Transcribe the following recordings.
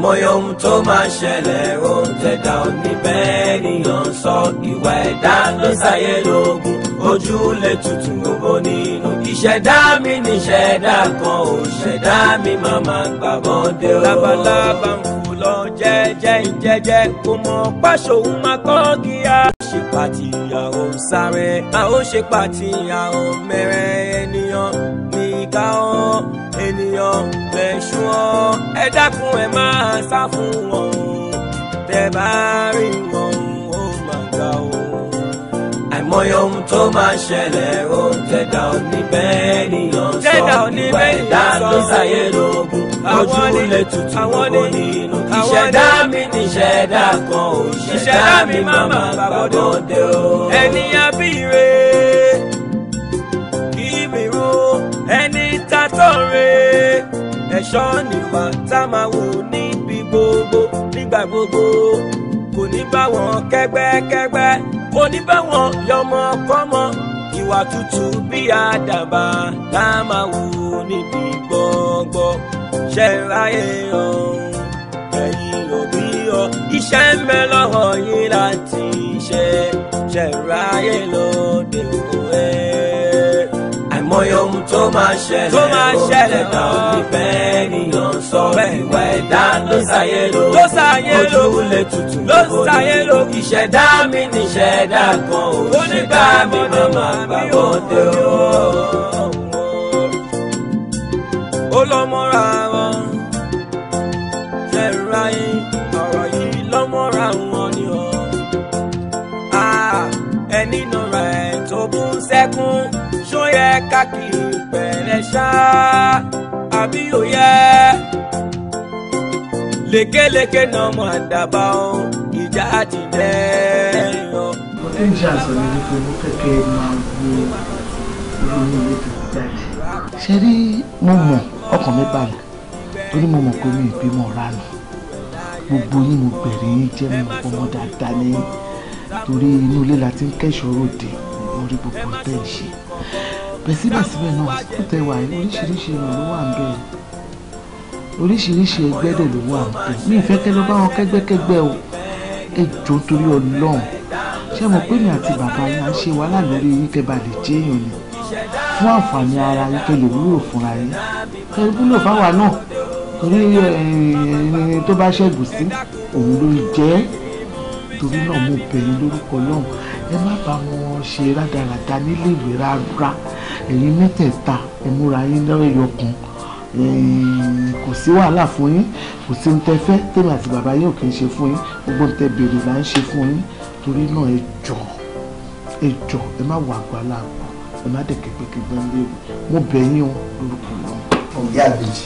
àìmọye ohun tó máa ṣẹlẹ̀ ohun tẹ̀dá ò ní bẹ́ẹ̀ nìyàn sọ ìwà ẹ̀dá ló ṣàyẹ̀ lógún ojú lè tutù gbogbo nínú. ìṣẹ̀dá mi ní ìṣẹ̀dá kan ò ṣẹ̀dá mi máa máa gbà bọ́dé o. labalábá ń fò lọ jẹ́jẹ́ ìjẹ́jẹ́ kò mọ̀ pàṣẹ òun máa kọ́ gíga ṣe pàtì ìyàwó sáré a ó ṣe pàtì ìyàwó mẹ́rẹ̀ ènìyàn ní ká ènìyàn wọn ẹ dákun ẹ máa sá fún wọn tẹ́ bá rí wọn ó máa ga o. àìmọye ohun tó máa ṣẹlẹ̀ ó tẹ̀dá òní bẹ́ẹ̀ nìyàn sọ nípa ẹ̀dá ló ṣàyè lóògùn ojú lè tutù kókó nínú. ìṣẹ̀dá mi ni ìṣẹ̀dá kan ò ìṣẹ̀dá mi máa máa gbàgbọ́ dé o. ẹni abíire kì í mìíràn ẹni tatọ́ re ẹ̀ṣọ́ nìwà tá a máa wò níbi gbogbo nígbà gbogbo kò ní bá wọn kẹ́gbẹ́kẹ́gbẹ́ kò ní bá wọn yọmọkọ́mọ ìwà tútù bí àdàbà tá a máa wò níbi gbọ́ngbọ́ ṣe ráyè ọ̀hún ẹ̀yìn òbí ọ iṣẹ́ ń bẹ lọ́wọ́ yín láti ṣe ṣe ráyè lóde òun mọyọ ohun tó máa ṣẹlẹ̀ tó máa ṣẹlẹ̀ náà nífẹ̀ẹ́ nìyàn sọ ìwà ẹ̀dá ló ṣàyẹ̀ ló ló ṣàyẹ̀ ló ojú wulẹ̀ tutù ló ṣàyẹ̀ ló ìṣẹ̀dá mi níṣẹ̀dá kan ò ṣe bá mi màmá gbàgbọ́ dé o. ó lọ́mọ́ra wọn lẹ́rù ayé ọ̀rọ̀ yìí lọ́mọ́ra wọn ni ọ́ ah, ẹni náà rà káàkiri pẹ̀lẹ́ ṣá àbí òye. lékeleke náà mọ àdàbà ohun ìjà ti dẹ́yìn o. ọtí ń ṣàṣọ ní wípé mo kẹ́kẹ́ gbé ìròyìn ilé tó jáde. ṣe rí mo mọ ọkàn mi balẹ̀ torí mo mọ̀ pé mi ì bímọ ránù gbogbo yín mo bẹ̀rẹ̀ yín jẹ́ mi ọmọ dáadáa ní torí inú ilé la ti ń kẹ́ṣọ̀ọ́ òde mo rí gbogbo tẹ́ ẹ̀ bẹ́ẹ̀ síbẹ̀síbẹ̀ náà kò tẹ wà oríṣiríṣi èèyàn wà ń bẹ̀ oríṣiríṣi ẹgbẹ́ dẹ̀ ló wà ń bẹ̀ mi ìfẹ́ kẹ́ ló bá wọn kẹ́gbẹ́kẹ́gbẹ́ o ẹjọ́ torí ọlọ́run ṣé mo pé mi àti bàbá yẹn à ń ṣe wàhálà lórí yín bá lè jẹ́ èèyàn ni fún àǹfààní ara yín lè wúlò fúnra yín kẹ́ wúlò fáwa náà torí ẹni eh, eh, tó bá ṣẹ́gun sí òun ló jẹ́ torí náà mo bẹ̀ lórúkọ ọlọ́run ẹ má bá wọn ṣe rádaràda níléèwé rárá ẹ̀yin mẹ́tẹ̀ẹ̀ta ẹ múra yín lọ́yọ̀ kan kò sí wàhálà fún yín kò sí ní tẹ́ fẹ́ tèmi àti bàbá yín ò kì í ṣe fún yín gbogbo ní tẹ́ béèrè là ń ṣe fún yín torí náà ẹ jọ̀ọ́ ẹ jọ̀ọ́ ẹ má wà àgbàlagbà ẹ má dẹ̀ kẹgbẹ́kẹgbẹ́ léwu mo bẹ̀ yín o lórúkọ lọ. ọ̀gá àbèjì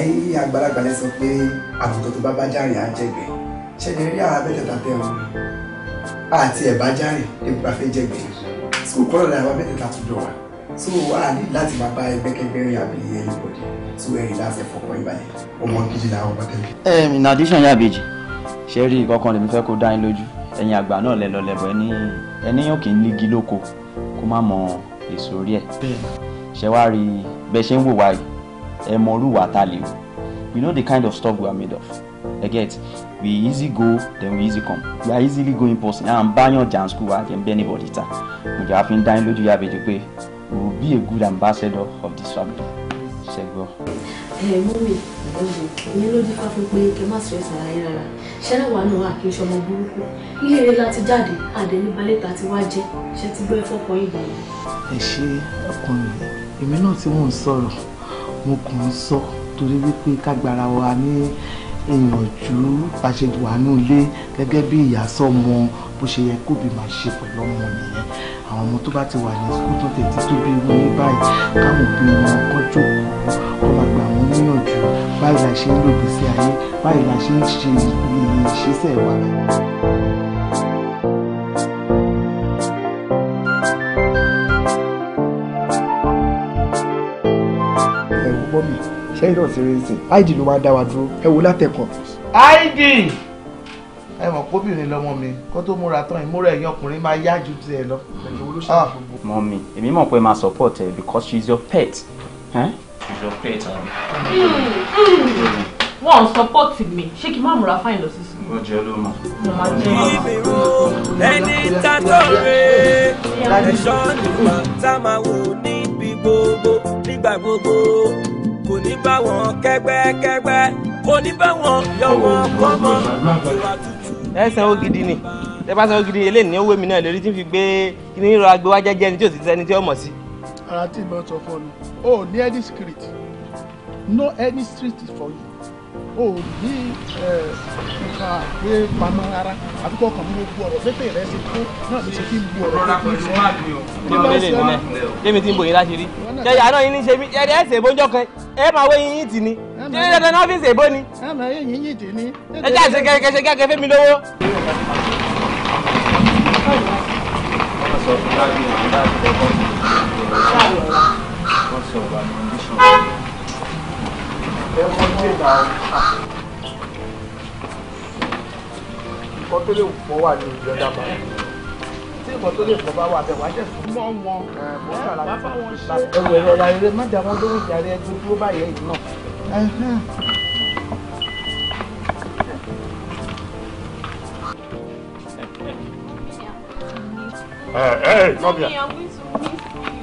ẹ̀yin àgbàlagbà lẹ sọ pé àbùkọ́ tó bá bá járe á jẹ̀gbẹ́ ṣẹ̀dẹ̀ rí ara bẹ́ẹ̀ tẹ̀ta tẹ̀ wọn àti ẹ̀bá járe ebi bá fẹ́ jẹ̀gbẹ́ sùkúrọ̀ làwọn bẹ́ẹ̀ tẹ̀ta tó jọ wà so a ní láti máa bá ẹgbẹ́kẹgbẹ́ rìn àbí anybody so ẹ̀rìn láti fọkàn ìbàlẹ̀ ọmọ gidi làwọn ọmọ tẹ́lẹ̀. ẹ̀ẹ́m in addition yàbèjì ṣe rí ìkọkàn lèmi fẹ́ kó dá yín lójú ẹ̀yin àgbà náà lẹ lọ lẹ́bọ̀ ẹni ẹníyàn kì í lígi lóko kó má mọ èso rí ẹ̀. ṣe wá rí bẹ́ ṣe ń wò wá yìí ẹ mọ orú wa ta lè wò you know the kind of stuff we are made of ẹ get we easy go then we easy come we are easily going person à ń báyàn jà ń school wa jẹ́ ń bẹ́ anybody ta mo jẹ́ wá fi ń dá yín lójú yàbèjì pé will be a good ambassador of this family ṣe gbọ́. ẹ mọ́mí ọ̀gbìn ìyẹn ló dífá fún pé kẹ má stress ara yín rárá ṣẹlẹ̀ wà náà àkè ìṣọmọ burúkú ilé eré láti jáde àdé ní balẹ̀ta ti wá jẹ́ ṣe ti gbọ́ ẹ̀fọ́ kan ìgbà yẹn. ẹ ṣe ọkùnrin èmi náà tí mò ń sọ̀rọ̀ mo kàn ń sọ torí wípé kágbára wa ní ìyànjú bàṣẹwàánú ilé gẹ́gẹ́ bí ìyá sọ́mọ bó ṣe yẹ kóbi máa ṣe pẹ̀lú ọmọ nìyẹn àwọn ọmọ tó bá ti wà ní sukùl tó tẹ̀ tí tó bí wọn ní báyìí káwọn òbí wọn kọ́ jókòó kọ́ máa gbà wọ́n níyànjú báyìí la ṣe ń lò gbèsè ayé báyìí la ṣe ń ṣe ìṣesẹ̀ wa. ẹ̀rù bọ́ mi ṣẹ́yìn náà ti rí nsìn áìdì ló máa dá wa dúró ẹ wo látẹ̀kọ̀. áìdì ẹ mọ̀ kóbìnrin lọmọ mi kó tó múra tán ìmúra ẹ̀yìn ọkùnrin máa yá ju tiẹ̀ lọ ló ṣe ah. gbogbo. mọ́mí èmi mọ̀ pé máa support her because she is your pet. Huh? She's your pet. Hmm, hmm. wọ́n support mi ṣé kí n má múra fáyìn lọ sí sùn. ọjọ́ ló mọ̀. ìbèrò ẹni tàtó rẹ̀ ẹ̀ṣọ́ nípa tá a máa wò níbi gbogbo nígbà gbogbo kò ní bá wọn kẹ́gbẹ́kẹ́gbẹ́ kò ní bá wọn yọ wọn kọ́ mọ́ ìwà tútù. ẹsẹ̀ ó gidi ni ẹ bá sanwó gidi eléyìí ní owó mi náà lórí tí n fi gbé kí ní ìrora ni tí ò sì sẹ́ni tí ó mọ̀ sí. ara tí ìbọn sọ fún ọ o ní any secret no any street for you o ní nǹkan àgbé pamọ́ rárá àdúgbò kan mú gbogbo ọ̀rọ̀ pépè rẹ ṣe tó náà ló ṣe kí n bu ọ̀rọ̀ tó kún sọ. nígbà wọlé ìmọ̀lẹ̀ kémi tí ń bòye láti rí ṣe àná yín ṣe mí ẹ ẹ ṣèbójọ kan ẹ máa wé yín tì ní ṣe ní dandan ní ọ́fíìsì èbó ni. ẹ máa yín yín tì ní. ẹ jẹ́ àṣekẹ́kẹ́ ṣe kẹ́kẹ́ fẹ́mi lówó nǹkan tó lè fọ́ wà ní ìjọ dábàá tí nǹkan tó lè fọ́ bá wà bẹ̀ jẹ́ fún mọ́ wọn mọ́ sàlàyé ẹ̀wẹ̀ ìrọ̀lá eré má dá wọn lóhùn jàre ẹjú tó bá yẹ ìdùnnà. Hey, eh, eh, hey, come here.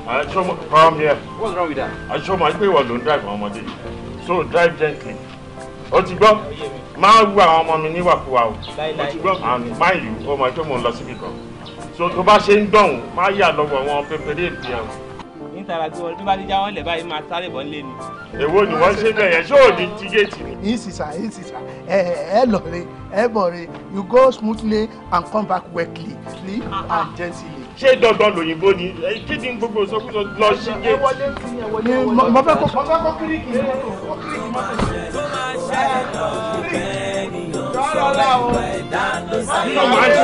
I show my, come here. What's wrong with that? I show my was don't drive, my mother. So drive gently. Ó ti gbọ́? Máa wú àwọn ọmọ mi níwàkuwà o. Ó And mind you, oh my pé mò ń lọ So tó bá ṣe ń my yard. yà lọ́wọ́ wọn pépéré the ẹ̀wọ̀n. Ní tara tí wọ́n bí bá ti já wọn lẹ̀ báyìí máa sáré bọ́ nílé ni. Èwo ni wọ́n ṣe bẹ̀yẹn? Ṣé ò ní ti géètì ni? you go smoothly and come back quickly ah, and ah. gently ṣé dandan lòyìnbó ni kí ni gbogbo ìsọkúsọ lọ sí gé. mo fẹ́ kó kíríkì mọ́tò kíríkì máa ṣe lọ́ọ̀bẹ nìyọ̀ sọ́lá ìwọ̀ ẹ̀dá ló sáyé ló sáyé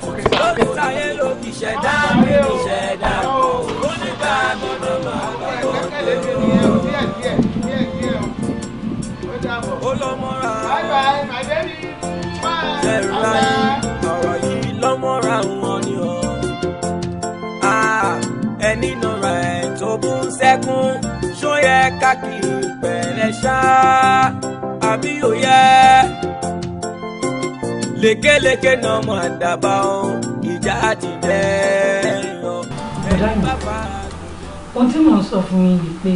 ló sáyé ló ṣẹ̀dá mi kì í ṣẹ̀dá kó ó ní bá mi ló bá tó tó. ó lọ mọ́ra. bye bye my baby. bye bye. dẹkùn ṣó yẹ káàkiri pẹ̀lẹ́ ṣá àbí ò yẹ. lékeleke náà mọ àdàbà ọ ìjà ti dẹ lọ. ọ̀dà mi ohun tí mò ń sọ fún yín ni pé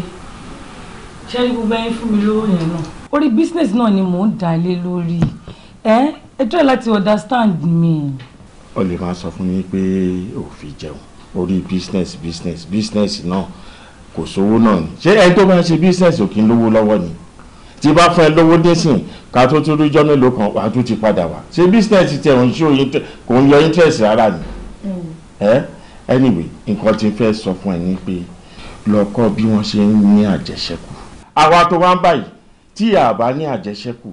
ṣé gbogbo ẹyin fún mi lówó yẹn náà orí business náà ni mò ń dá lé lórí ẹ ẹ láti understand me. o lè máa sọ fún mi pé o jẹun orí business business business náà. No kò sówó náà ni ṣé ẹni tó bá ń ṣe bísíǹsì ò kí ń lówó lọ́wọ́ ni tí bá fún ẹ lówó dẹ́sìn ká tó tó lójọ́ mélòó kan wàá tún ti padà wá ṣé bísíǹsì tẹ̀ ń ṣó kò ń yọ interest rárá ni mm. ẹ anyway nǹkan tí fẹ́ sọ fún ẹ ní pé lọ́kọ́ bí wọ́n ṣe ń ní àjẹṣẹ́kù àwa tó wá ń báyìí tí a ní àjẹṣẹ́kù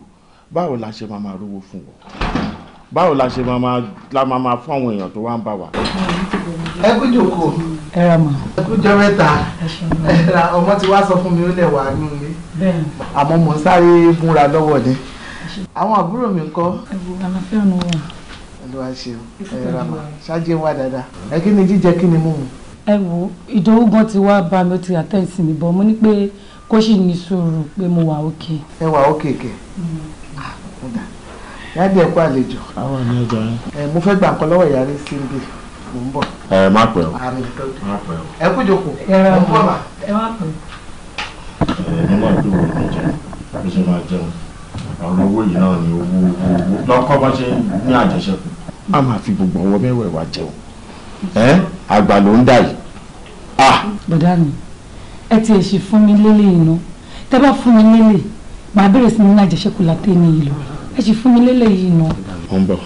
báwo la ṣe máa máa rówó fún wọn báwo la ṣe máa máa fún àwọn èèyàn tó wá ń bá wa. ẹ kú jòkó ẹ ra mà. ẹkújọ mẹ́ta ọmọ ti wá sọ fún mi ó lẹ wà nù mí àmọ́ mò ń sáré múra lọ́wọ́ ni àwọn àbúrò mi ńkọ́. ẹ̀bùn àlàáfíà ni wọ́n. olúwa ṣeun o. ra mà ṣáájú wà dáadáa ẹ kí ni jíjẹ kí ni mú mu. ẹ wo ìdòwú gan ti wá bá mi ó ti àtẹ̀sí mi bọ̀ mo ní pé kó sì ní sùúrù pé mo wà òkè. ẹ wà òkè kẹ mm-hmm. ah, yáàdì ẹ kú àlejò. àwọn àmì ọjà yẹn. ẹ mo fẹ́ gbà nǹkan lọ́wọ́ ìyá rí sí mo ń bọ̀. ẹ má pẹ́ o má pẹ́ o. ẹ kú jòkó ẹ ń bọ̀ mà. ẹ má pẹ́ o. ẹ ní máa dùn òun jẹ bí ṣe máa jẹun àwọn owó yìí náà ni owó owó owó lọ́kọ́ bá ṣe ní àjẹṣẹ́kù. má máa fi gbogbo ọwọ́ mẹ́wẹ̀ẹ̀wá jẹun ẹ àgbà ló ń dà yìí. bọ̀dá mi ẹ ti ẹ̀ ṣe fún mi lélẹ̀ iná tẹ́ bá fún mi lélẹ̀ màá bẹ̀rẹ̀ sí ní àjẹṣẹ́kù látẹ̀ ní ìlú ẹ ṣe fún mi lélẹ̀ yìí iná. ó bọ̀.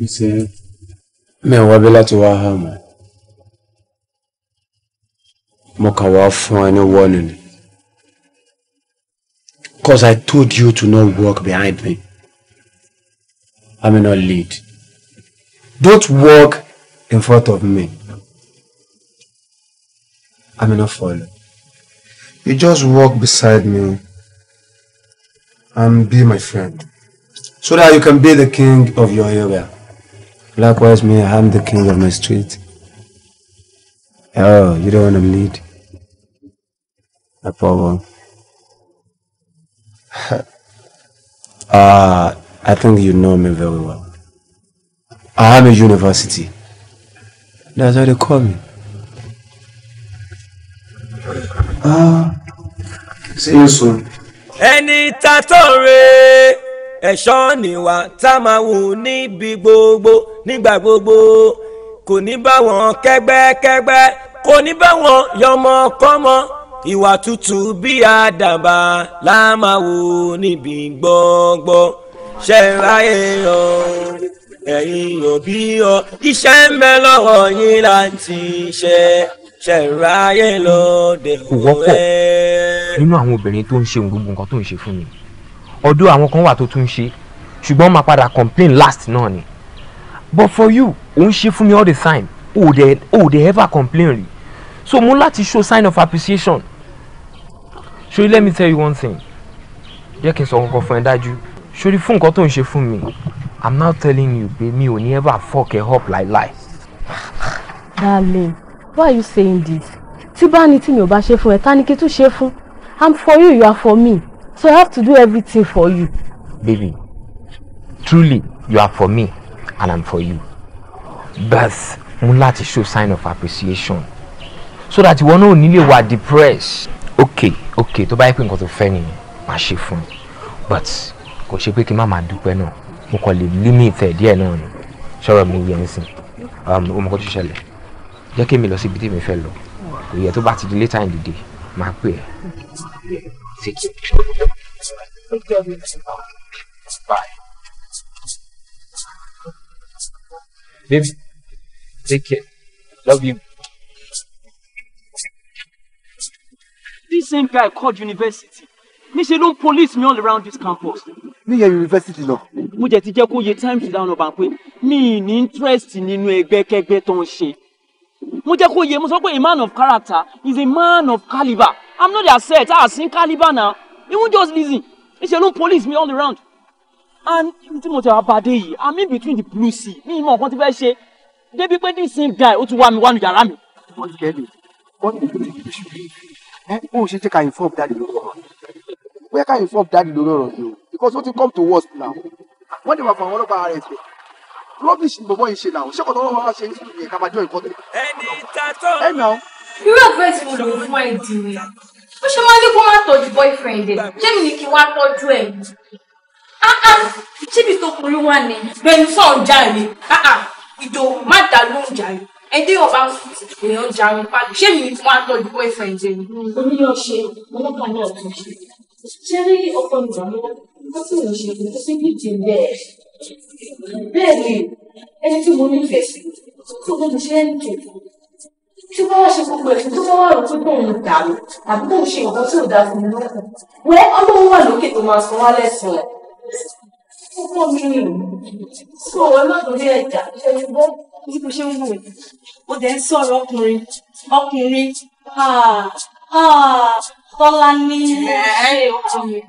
wípé mẹ́ẹ̀ wá bí láti wá hà mọ́ mo kàn wá fún ẹ ní warning because I told you to not walk behind me I may not lead don't walk in front of me I may not follow you just walk beside me and be my friend so that you can be the king of your area. Likewise, me, I'm the king of my street. Oh, you don't want to lead? A problem. uh, I think you know me very well. I am a university. That's how they call me. Ah, uh, see you soon. Any tattoo. ẹ̀ṣọ́ nìwà tá máa wù níbi gbogbo nígbà gbogbo kò ní bá wọn kẹ́gbẹ́kẹ́gbẹ́ kò ní bá wọn yọmọkọ́mọ ìwà tútù bí àdàbà la máa wù níbi gbọ́ngbọ́n ṣẹ̀ra èèyàn ẹ̀yin òbí ọ iṣẹ́ ń bẹ lọ́wọ́ yín láti ṣe ṣẹ̀ra ayé lọ́dẹ̀ òwe. kò wọ́pọ̀ nínú àwọn obìnrin tó ń ṣe òrùngbọ̀n kan tó ń ṣe fún mi ọdún àwọn kan wà tó tún ṣe ṣùgbọ́n máa padà complain last náà ni but for you ò ń ṣe fún mi all the time o ò dẹ̀ o ò dẹ̀ ever complain rí so mo láti show sign of appreciation ṣori let me tell you one thing jẹ́ kí n sọ kankan fún ẹ dájú ṣori fún nǹkan tó ń ṣe fún mi i'm now telling you pé mi ò ní ever fuck ẹ up like lie. darling why are you saying this tí bá ní tí mi ò bá ṣe fún ẹ ta kí tún ṣe fún i'm for you you are for me. So I have to do everything for you. Baby, truly, you are for me and I'm for you. But mo láti show sign of appreciation so that ìwọ náà ò ní lè wà depressed. Okay, okay, tó bá yẹ pé nǹkan tó fẹ́ nìyẹn, màá ṣe fún But kò ṣe pé kí n má máa dúpẹ́ náà, mo kàn lè límìtì ẹ̀ díẹ̀ náà ni. Ṣọ́rọ̀ mi yẹ sìn. Ọmọ um, kan tó ṣẹlẹ̀, jẹ́ kí èmi lọ síbi tí èmi fẹ́ lọ. Kò tó bá ti di later in the day, màá pè ẹ́. Baby, take care. Love you. This same guy called university. Níṣẹ́ ló ń police me all around this campus. Ní yẹn university, lọ. Mo jẹ̀ ti jẹ́ kó yẹ times down ọba pé mi ní interest nínú ẹgbẹ́kẹ́gbẹ́ tó ń ṣe. Mo jẹ́ kó yẹ mo sọ pé a man of character is a man of calibre. I'm not their set. I have ah, seen caliber now. Even just listen. It's alone police me all around. And tí mo ti wá pàdé day, I'm in between the blue sea. Mi ìmọ̀ nǹkan ti fẹ́ ṣe. Débi pé this same guy ó ti wá mi wánu yàrá mi. Wọ́n ti kẹ́lẹ̀. Wọ́n ti kẹ́lẹ̀ ìdílé ṣùgbọ́n. Ẹ bó o ṣe inform daddy lórí ọ̀rọ̀ yìí. Bóyá inform daddy lórí ọ̀rọ̀ yìí o. Because what you come to worst now. What ti máa fọ àwọn ọlọ́pàá rẹ̀ pẹ̀ rubbish ni bọ̀bọ̀ yìí she now? She kò tọ́wọ́ wọn ṣe ń sùn yẹn ká máa jọ ìkọ́tù. ẹni tatọ́. ẹ nà. irú àgbẹ̀sì wo ló fún ó ṣe máa ń ní kó má tọ́jú boyfriend ẹ̀ jẹ́mi ni kí wá tọ́jú ẹ̀ ah, ah, ṣíbi tó kúrú wà ní bẹ́ẹ̀ni sọ̀rọ̀ jáde ah, ìdò má dá ló ń jáde ẹdí ọba èèyàn jarun pàdé ṣé mi fún àtọ́jú boyfriend ẹ̀ ni. oníyàn ṣe ọlọ́pàá náà tún ṣe ṣé rí ọkọ ìgbà lọ́wọ́ tó sì ń ṣe kò sí ní ti bẹ́ẹ̀ bẹ́ẹ̀ ni ẹni tí mo nífẹ̀ẹ́ sí tó gbọ́dọ̀ ṣe ń tò tí wọ́n wá ṣe gbogbo ẹ̀sùn tó wọ́n wà lókè tó ń dàrú àbí tó ń ṣe nǹkan tí ò dáa fún mi lókun wẹ́ ọlọ́run wà lókè tó máa san wá lẹ́sìn rẹ̀ fúnpọ̀ mi rìn sọ wọn látòrí ẹ̀jà ẹ̀gbọ́n bí mo ṣe ń wò yìí ó dẹ̀ ń sọ̀rọ̀ ọkùnrin ọkùnrin tọ́lá ní ṣe ọkùnrin.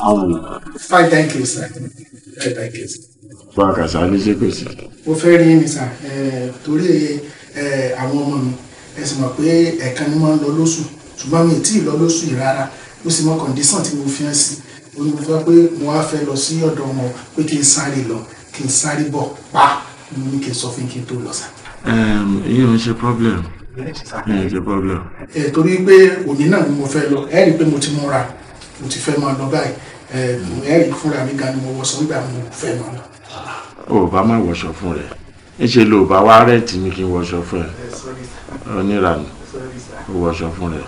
Um, fine, thank you, sir. Fine, thank you, sir. Bákan sá ní ṣépè sí. Mo fẹ́ rí mi sá torí àwọn ọmọ mi ẹ sì mọ̀ pé ẹ̀ẹ̀kan ni máa ń lọ lóṣù ṣùgbọ́n mi ì tí ì lọ lóṣù yìí rárá ó sì mọ kọ̀ǹdíṣàn tí mo fi hàn sí ó ní mo fẹ́ pé mo wá fẹ́ lọ sí ọ̀dọ̀ wọn pé kí n sáré lọ kí n sáré bọ̀ pa mo ní kí n sọ fún kí n tó lọ sá. ìyẹn ò ń ṣe problem. ìyẹn ò ń ṣe problem. torí pé òní náà ni mo fẹ́ lọ ẹ rí i pé mo ti múra mo ti fẹ́ máa lọ báyìí ẹ̀rí fúnra mi gan ni mo wọṣọ nígbà mo fẹ́ máa lọ. o bá má wọṣọ fún rẹ níṣẹ́ ló bá wá rẹ́ẹ̀tì ní kí n wọṣọ fún ẹ oníranù o wọṣọ fún rẹ.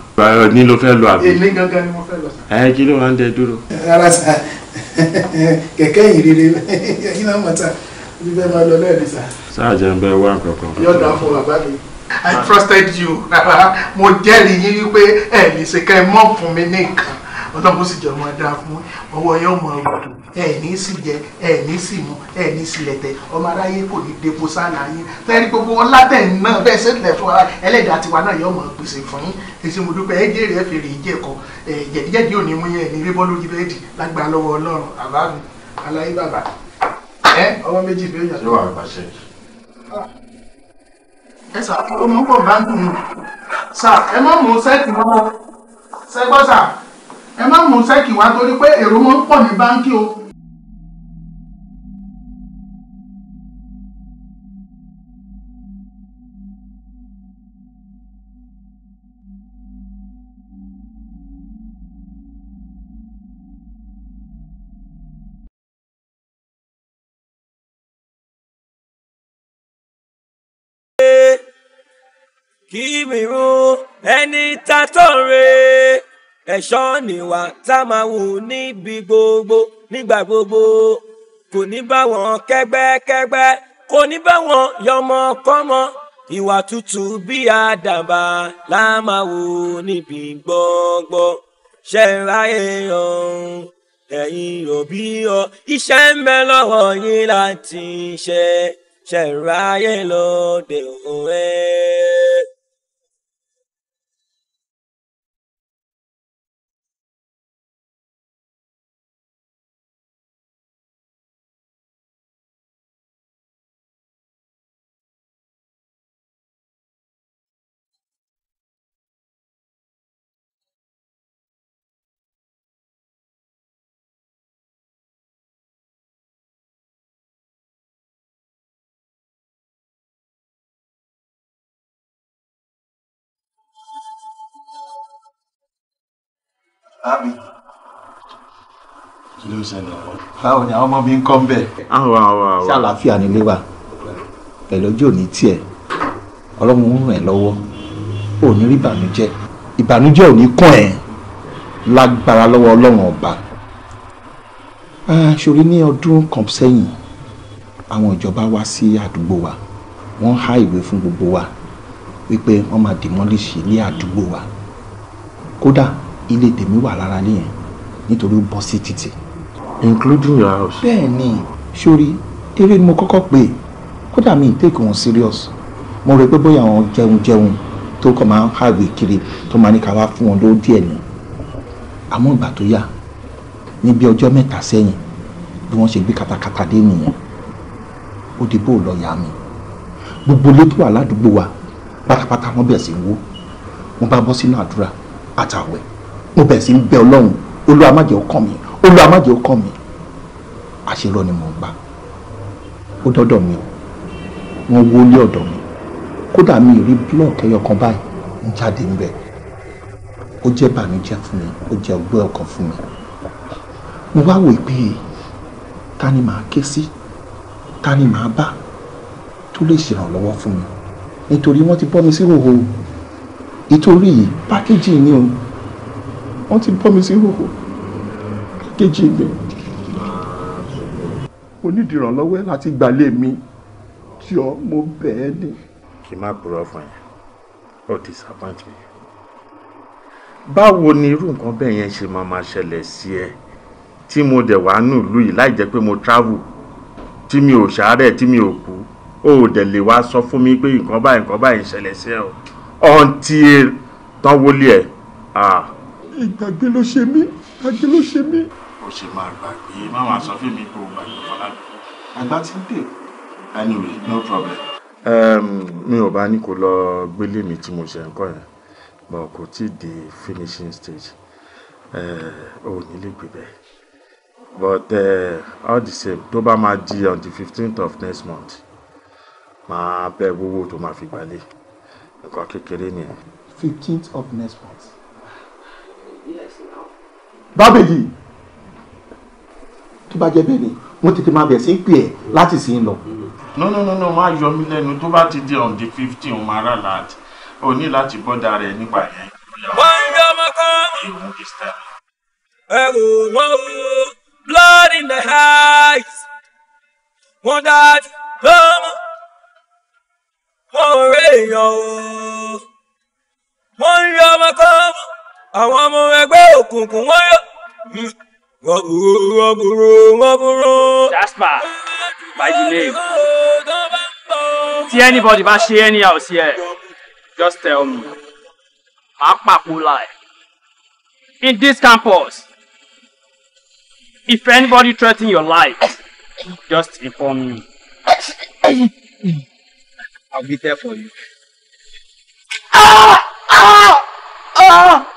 ní ló fẹ́ lọ àbí. èmi gangan ni mo fẹ́ lọ. ẹ kí ló máa ń dẹ dúró. rárá sa kẹ̀kẹ́ yìí rere yín náà mọ̀ ta bí bẹ́ẹ̀ máa lọ lẹ́ẹ̀ni sa. sáà jẹun bẹ́ẹ̀ wá nǹkan kan. yọ̀dà fún bàbá mi. I trusted you mo jẹ́rìí yín wípé ẹ̀ lè ṣe kẹ́ ẹ mọ̀ fún mi ní nǹkan ọlọ́run sì jẹ́ ọmọ dáa fún ọwọ́ yẹn ọmọ ọ̀dọ̀ ẹ̀ ní sì jẹ ẹ̀ ní sì mu ẹ̀ ní sì lẹ̀tẹ̀ ọmọ aráyé kò ní depo sáàlà yín tẹ́rí gbogbo wọn látẹ̀ náà bẹ́ẹ̀ ṣe lẹ̀ fún ara ẹlẹ́dàá tiwa náà yẹn ọmọ pèsè fún yín èsì mo dúpẹ́ ẹ jèrè ẹ fèrè ìjẹ́ ẹ̀kọ́ jẹ̀díjẹ̀dí ò ní mú yẹn ní rébọ́ lórí bẹ́ẹ̀dì lágbàá lọ́wọ́ ọlọ́run àbá mi aláyé bàbá ẹ ọmọ méjì bẹ́ẹ̀ yàtọ̀. yóò wà pàṣẹ ẹ sà ọmọ pọ̀ bá ń dùn sà ẹ má mú sẹ́ẹ̀kì wá torí pé èrò wọn pọ̀ ní báńkì o. kí mi rún ẹni tá tó re ẹ̀ṣọ́ nìwà tá a máa hù níbi gbogbo nígbà gbogbo kò ní bá wọn kẹ́gbẹ́kẹ́gbẹ́ kò ní bá wọn yọmọkọ́mọ ìwà tútù bí àdàbà la máa hù níbi gbọ́ngbọ́ ṣe ra èèyàn ẹ̀yin òbí ọ iṣẹ́ ń bẹ lọ́wọ́ yín láti ṣe ṣe ra ayé lọ́dẹ̀ òun ẹ̀. àbí. kí ló ṣẹlẹ̀ ọ̀ báwo ni àwọn ọmọ mi ń kọ́ ń bẹ̀. àwọn ah, àwọn àwọn. ṣé àlàáfíà nílé wa pẹ̀lú ojú òní tiẹ̀ ọlọ́run ń ràn ẹ́ lọ́wọ́ ò ní rí ìbànújẹ́ ìbànújẹ́ ò ní kàn ẹ́ lágbára lọ́wọ́ ọlọ́run ọba. ṣòrí ní ọdún kan sẹ́yìn àwọn ìjọba wá sí àdúgbò wa wọ́n há ìwé fún gbogbo wa wípé wọ́n máa demolish ilé àdúgbò wa kódà ilé tèmi wà lára nìyẹn nítorí ó bọ́ sí títì. including your house. bẹ́ẹ̀ni sórí eré ni mo kọ́kọ́ pè kódà mi take wọn serious mo rò pé bóyá àwọn jẹun jẹun tó kàn máa ń hàwé kiri tó máa ní ká wá fún wọn lówó díẹ̀ ni àmọ́ ìgbà tó yá ní bí ọjọ́ mẹ́ta sẹ́yìn bí wọ́n ṣe gbé katakata dé nìyẹn ó di bó lọ yá mi gbogbo ilé tó wà ládùúgbò wa pátápátá wọ́n bẹ̀ sí wó wọ́n bá bọ́ sínú àdúrà àtàwẹ̀ mo bẹ̀rẹ̀ sí ń bẹ ọlọ́run olúwa má jẹ́ ó kàn olúwa má jẹ́ ó kàn mí ni mò ń gbà ó dọ́dọ̀ mi o wọ́n wó lé ọ̀dọ̀ mi kódà mi rí búlọ̀kì ẹyọkan báyìí ń jáde ń bẹ̀ ó jẹ́ bànújẹ́ fún mi ó jẹ́ ọgbẹ́ ọkàn fún mi mo wá wò pé ta ni màá ké sí ta ni màá bá tó lè ṣèrànlọ́wọ́ fún mi nítorí wọ́n ti bọ́ mi sí hòhò ìtorí yìí pákéjì ni o wọ́n ti bọ́ mi sí hòhò kejì mi mo ní ìdìrànlọ́wọ́ láti gbalẹ̀ mi tí ọ mo bẹ̀ ẹ́ ni. kì í má purọ́ fún ẹ ó disappoint mi báwo ni irú nǹkan bẹ́ẹ̀ yẹn ṣe máa máa ṣẹlẹ̀ sí ẹ tí mo dẹ̀ wá nù lù yìí láì jẹ́ pé mo travel tí mi ò ṣàárẹ̀ tí mi ò kú ó dẹ̀ lè wá sọ fún mi pé nǹkan báyìí nǹkan báyìí ṣẹlẹ̀ sí ẹ o ọ̀ǹtí tán wọlé ẹ̀ ah ìgbàgbé ló ṣe mí ìgbàgbé ló ṣe mí. ó ṣe máa gbàgbé má máa sọ fún mi kó o gbàgbé fọlábí àgbà ti ń dè anyway no problem. mi ò bá ní kó lọ gbélé mi tí mo ṣe ń kọ́ yẹn but kò tí ì dé finishing stage ò ní lè gbé bẹ́ẹ̀ but uh, all the same tó bá máa di on the fifteenth of next month máa bẹ gbogbo tó máa fi gbalẹ̀ nǹkan kékeré nìyẹn. fifteenth of next month bábẹ̀ yìí tó bá jẹ́ bẹ́ẹ̀ ni wọ́n tètè máa bẹ̀ sí pè ẹ́ láti sìn lọ. no no no no máa yọ mí lẹ́nu tó bá ti di on the fifteen o máa rà láti láti bọ́dà rẹ̀ nígbà yẹn. wọ́n yọ ọmọ kan. ẹ̀rù wọn o blood in the eyes wọ́n dájú lọ́mọ wọ́n rèé yàn o wọ́n yọ ọmọ kan àwọn ọmọ ẹgbẹ́ òkùnkùn wọ́n yọ. wọ́n burú wọ́n burú wọ́n burú. Jasper by the name tí anybody bá ṣe any house here just tell me màá pàpò láì in this campus if anybody threaten your life just inform me. I'll be there for you. Ah! Ah! Ah!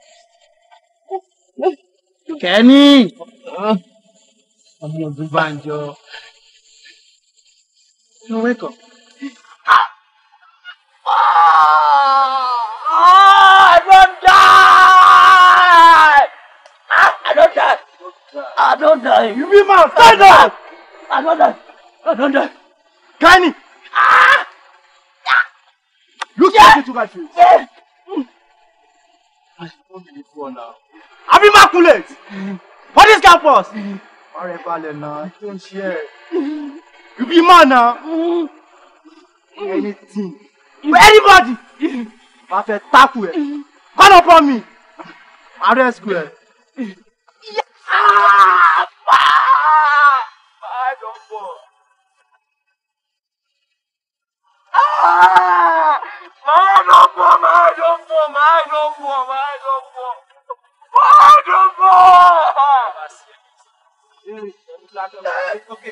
kẹ́ni ọmọ ogun bá ń jọ you wake up. I don't die! Ah, I don't die! I don't die! You be my stand up! I don't die! I don't die! Kẹ́ni! Ah! Look at me to my face! I should to the floor now calculate for this campus. ọ̀rẹ́ balẹ̀ náà tó you be man now. anything. anybody. ma fẹ́ tackle ẹ̀. call upon me. ma rescue ẹ̀. yaaaa don't paa don don't Ah! Mano, don't mano, mano, don't mano microphone! okay. Ah!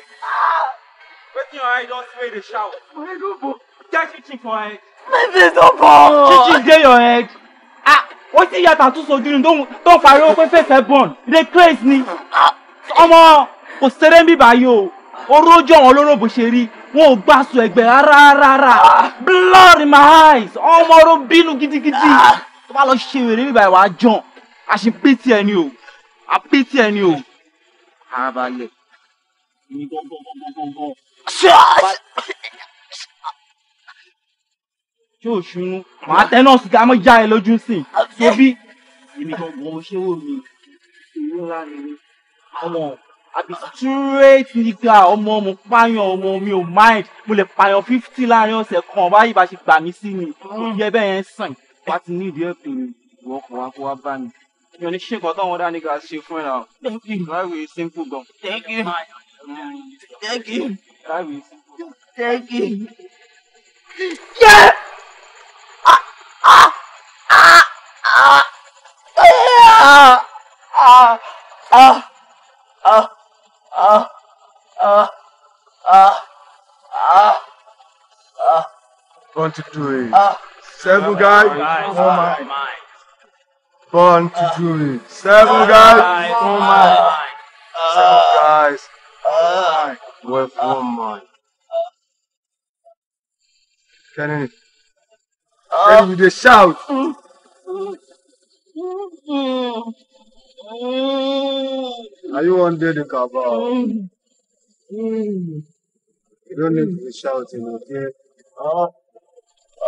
Wetin your head don spray dey shout? My head don burn. Get chinchin for head. My face don burn. Chinchin your head. Ah! Wetin your tattoo so do? Don don fariwo pé face ẹ eh, burn. You dey craze ni. Ọmọ kò ṣeré ń bí báyìí o. Orójú àwọn olóró bó ṣe Blood in my eyes. Ọmọ oró bínú gidigidi. Tó bá lọ ṣe wèrè bíbá ìwà jọ̀n a ṣe pétí ẹni o a pétí ẹni o àbálẹ̀ ní gángangangangan. ṣé o ṣunú màá tẹ náà sìgá mọ́ já ẹ lójú sí i tóbi èmi gangan ṣé wò mí ìlú ńlá ni mi ọmọ àbí straight nígbà ọmọ mo pààyàn ọmọ mi ò mind mo lè pààyàn fifty láàrin ọ̀sẹ̀ kan báyìí bá ṣe gbà mí sí mi kò yẹ bẹ́ẹ̀ yẹn sàn wá ti ní ìdí ẹ̀pẹ̀ mi ìwọ ọkọ̀ wa kó wá bá mi èèyàn ní ṣe nǹkan tó wọn dání ká ṣe fún ẹ náà. thank you. life is simple gan. thank you. thank you. life is simple. thank you. Yeah! Ah! Ah! Ah! Ah! Ah! Ah! Ah! Ah! Ah! Ah! Ah! Ah! Ah! Want to do it? Ah! Seven guys. Oh my born to do it. Seven guys, one man. Seven guys, one with one man. Kenny, can you dey shout. Are you one the cover? You don't need to be shouting, okay? Uh,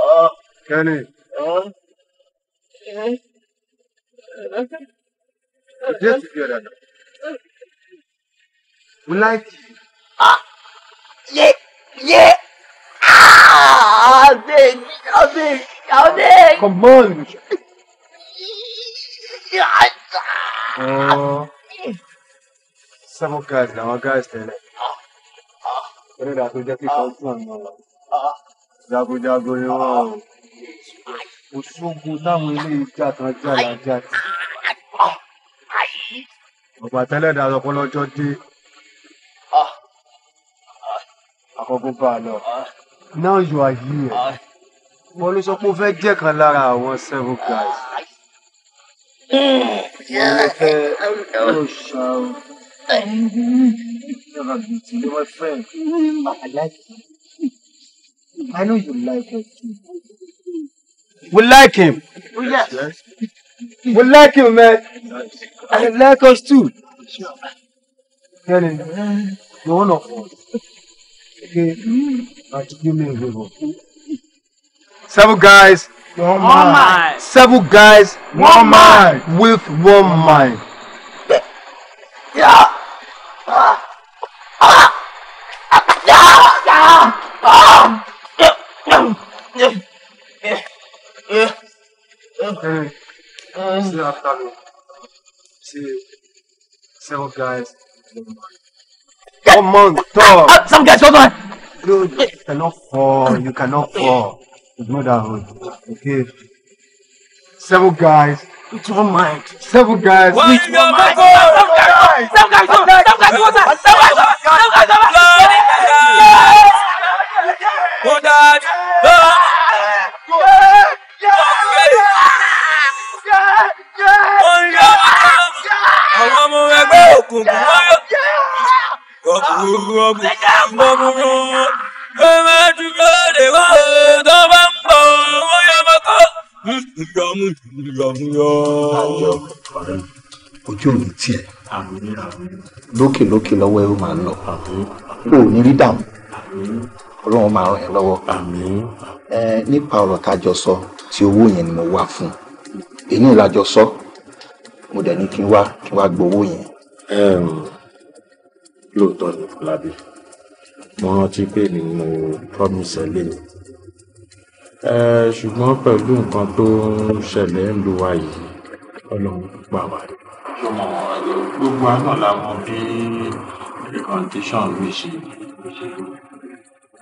uh, Kenny. Uh, okay. Òjì èsì fi ọ̀dà náà. Mo láìkì. Yé yé abeg abeg abeg. Come on. Oh. Some of guys now, guys tell it. Wọ́n ní ìdàkúnjẹ́ kí kan fún àwọn ọ̀la. Jagunjagun ni wọ́n kò táwọn ilé ìjà kan jà lájà tí. ọ̀pọ̀ àtẹ́lẹ̀dá sọ pé dé àkọ́kọ́ bá a lọ. now you are here. wọ́n ló sọ pé ó fẹ́ jẹ́ kan lára àwọn seven guys. wọ́n fẹ́ yóò ṣá o. You're my friend. I like it. I know you like it. We like him. Oh, yes. We like him, man. And he like us too. Tell him, you're one of us. Okay, now do me a favor. Seven guys, one, one mind. mind. Seven guys, one, one mind. mind. With one, one mind. mind. Yeah. Ah. Ah. Ah. Ah. Ah. Ah. Yeah. Okay. Um, See after me. See several guys. Come on, talk. Uh, some guys, hold on. Dude, you cannot fall. You cannot fall. Ignore that hood. Okay. Several guys. It's one mind. Several guys. Why it's one mind. Go, go, go, go. Some guys, some guys, some guys, some guys, some guys, some guys, some guys. Go, guys. Go, guys. kòkòrò ojú ò ní tiẹ̀ lókè lókè lọ́wọ́ ẹrú máa ń lọ o ní rí dààmú ọlọ́run máa ràn ẹ́ lọ́wọ́ nípa ọ̀rọ̀ tá a jọ sọ tí owó yẹn ni mo wà fún èyí ni la jọ sọ mo dẹ̀ ní kí n wá kí n wá gbowó yẹn um lóòótọ́ ni fọlábí mo rántí pé ni mo promise ẹ lé mi ṣùgbọ́n pẹ̀lú nǹkan tó ń ṣẹlẹ̀ ń lu wa yìí ọlọ́run gbà wá. gbogbo àná la mọ bí recommendation mi ṣe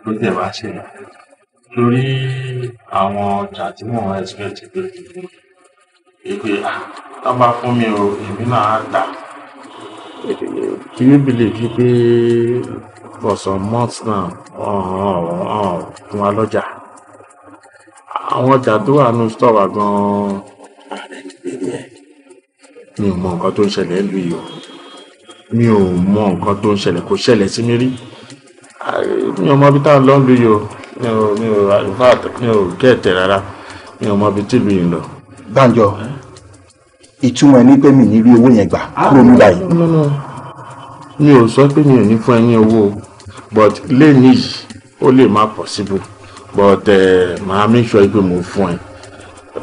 ló dẹ̀ wá ṣe rà lórí àwọn ọjà tí mò ń expect pé èpè tá a bá fún mi o èmi náà á tà do you believe be for some months now ọ̀hún oh, oh, fún wa lọ́jà àwọn ọjà tó wà nù store wa gan-an mi ò mọ nǹkan tó ń ṣẹlẹ̀ lu yìí o mi ò mọ nǹkan tó ń ṣẹlẹ̀ kò ṣẹlẹ̀ sí mi rí mi ò mọ ibi tá à ń lọ lu o mi ò mi ò mi ò gẹ̀ẹ́tẹ̀ rárá mi ò mọ ibi tí lu lọ. Banjo. Eh? ìtumọ̀ ẹni pé mi ní rí owó yẹn gbà ah, kúrò ní báyìí. mi ò sọ pé mi ò ní fún ẹ owó but lẹ́ni yìí ó lè má possible but eh, màá make sure pé mo fún ẹ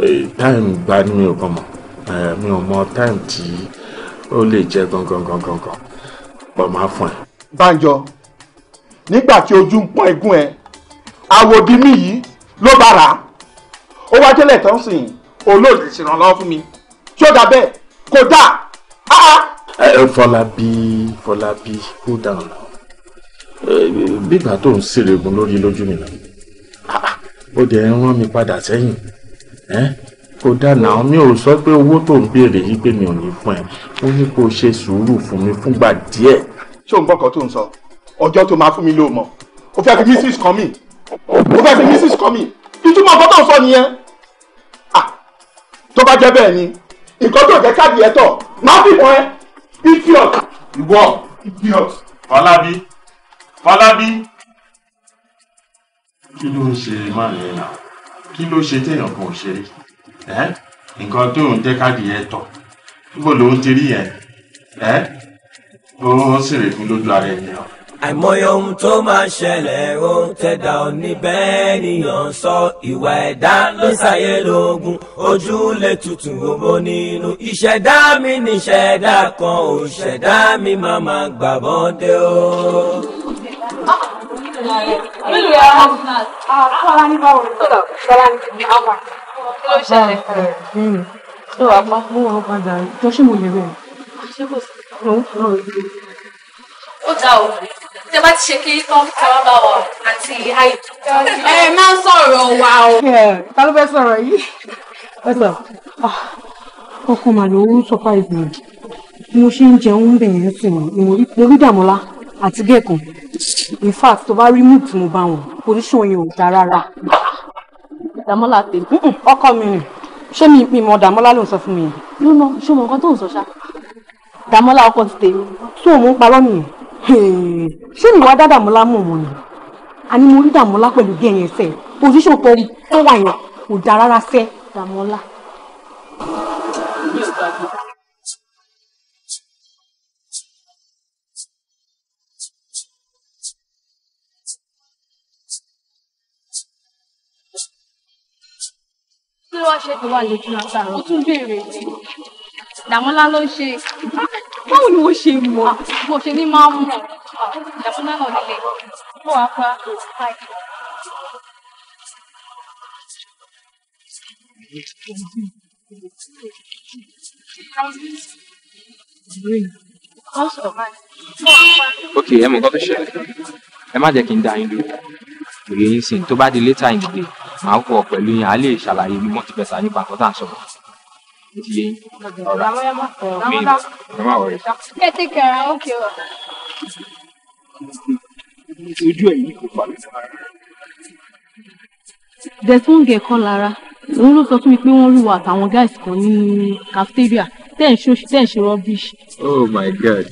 eh, time gba ni mi ò kàn mọ̀ eh, mi ò mọ time tí ó lè jẹ́ gangan gangan gan but màá fún ẹ. Bánjọ nígbà tí ojú ń pọ́n igun ẹ àwòdì mi yìí ló bá rà á ó wá délẹ̀ tán sìn olóòdì ṣèrànlọ́wọ́ fún mi ṣé ó dà bẹ́ẹ̀ kò dà ah, ah. Eh, eh, fọlábí fọlábí cool down now eh, bígbà tó ń ṣèrègùn lórí lójú mi náà ah, ó dẹ̀ ń rán mi padà sẹ́yìn kò dáná mi ò sọ pé owó tó ń béèrè yìí pé mi ò ní fún ẹ ó ní kó o ṣe sùúrù fún mi fúngbà díẹ̀. ṣé o ń gbọ́kàn tó ń sọ ọjọ́ tó máa fún mi ló mọ̀ o fẹ́ fi mrs kan o fẹ́ fi mrs kan ìtumọ̀ ọkọ sọ nìyẹn tó bá jẹ́ bẹ́ẹ̀ ni nǹkan tó jẹ́ káàdì ẹ̀ tọ̀ máa fi mọ́ ẹ idiot. ìwọ idiot. falabi falabi kí ló ń ṣe máa yẹn náà kí ló ṣe téèyàn kan ò ṣe rí ẹ nǹkan tó ń jẹ́ káàdì ẹ̀ tọ̀ níbo ló ń ti yẹn ẹ ó ń sèrè fún lójú ara ẹ̀ nìyẹn àìmọye ohun tó máa ṣẹlẹ̀ ohun tẹ̀dá òní bẹ́ẹ̀ nìyàn sọ ìwà ẹ̀dá ló ṣàyè lógún ojú lè tutù òbó nínú. ìṣẹ̀dá mi ní ìṣẹ̀dá kan ò ṣẹ̀dá mi máa máa gbà bọ́dé o. Ṣé kò sí? ó ga o tẹ bá ti ṣe kí tán káwá bá wa àti ìhà ìtọ́. ẹ máa ń sọ̀rọ̀ wa o. ta ló fẹ́ sọ̀rọ̀ yìí. ẹ ah, màá ló ń surprise mi mo ṣe ń jẹun bẹ̀rẹ̀ ń sìn mo rí Dàmọ́lá àti gẹ̀ẹ́kan in fact tó bá rí mood mo bá wọn position yẹn ò dáa rárá. Dàmọ́lá tèmi ọkọ mi rìn ṣé mi mọ Dàmọ́lá ló ń sọ fún mi yẹn. lónà ṣé mo nǹkan tó ń sọ ṣá Dàmọ́lá ọkọ ti tèmi. tó o mú parọ́ nìyẹn ṣé ìwà dádàmúlá mọ̀ wọn ni àní mo rí dàmúlá pẹ̀lú bí ẹ̀yẹn sẹ̀ pòsíṣàn tọ́rí tó wà yẹn kò dáa rárá sẹ́ dàmúlá. kí ló wá ṣe tó wà lójú àtàrà ó tún béèrè dàmúlá ló ń ṣe báwo ni wọ́n ṣe mọ̀. Ah, mo ṣe ní máa ń mọ̀ ìdàkúnná ah, náà nílé mo wà pa ok ẹ mọ̀ nǹkan tó ẹ má jẹ́ kí n dá yín dúró òye sìn tó bá di létà yín màá kọ pẹ̀lú yín a lè ṣàlàyé bí wọ́n ti fẹsà nípa nǹkan tá ojú ẹ̀yìn kò pa mí. desmond gẹ̀kọ́ lára òun ló sọ fún mi pé wọ́n rí wa àtàwọn guys kan ní cafeteria tẹ́ ẹ̀ ṣe tẹ́ ẹ̀ ṣe rubbish. oh my god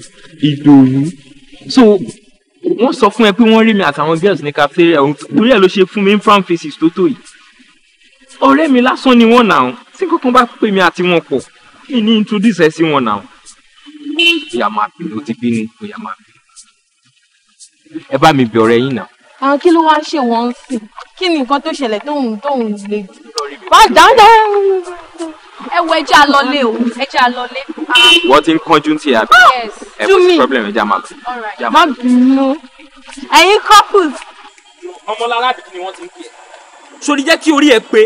ìdòwú so wọ́n sọ fún ẹ pé wọ́n rí mi àtàwọn girls ní cafeteria torí ẹ̀ ló ṣe fún mi in front faces tó tó yìí ọ̀rẹ́ mi lásán ni wọ́n nà án tí kankan bá pè mí àti wọn pọ̀ kí ni introduce ẹ sí wọn náà ìyá máa bínú ó ti bínú ìyá máa bínú ẹ bá mi bẹ̀ ọ̀rẹ́ yín náà. àwọn kí ló wá ṣe wọn ń sìn kí ni nǹkan tó ṣẹlẹ̀ tóun tóun lè jù wá dáńdá. ẹ wo ẹjẹ alọlé o ẹjẹ alọlé. wọ́n ti ń kánjú ti àbí ẹ kò sí problem ẹjẹ àmàlù. má bínú ẹ̀yin couples. ọmọlára àbíkí ni wọ́n ti ń pè é. sori jẹ́ kí orí ẹ pé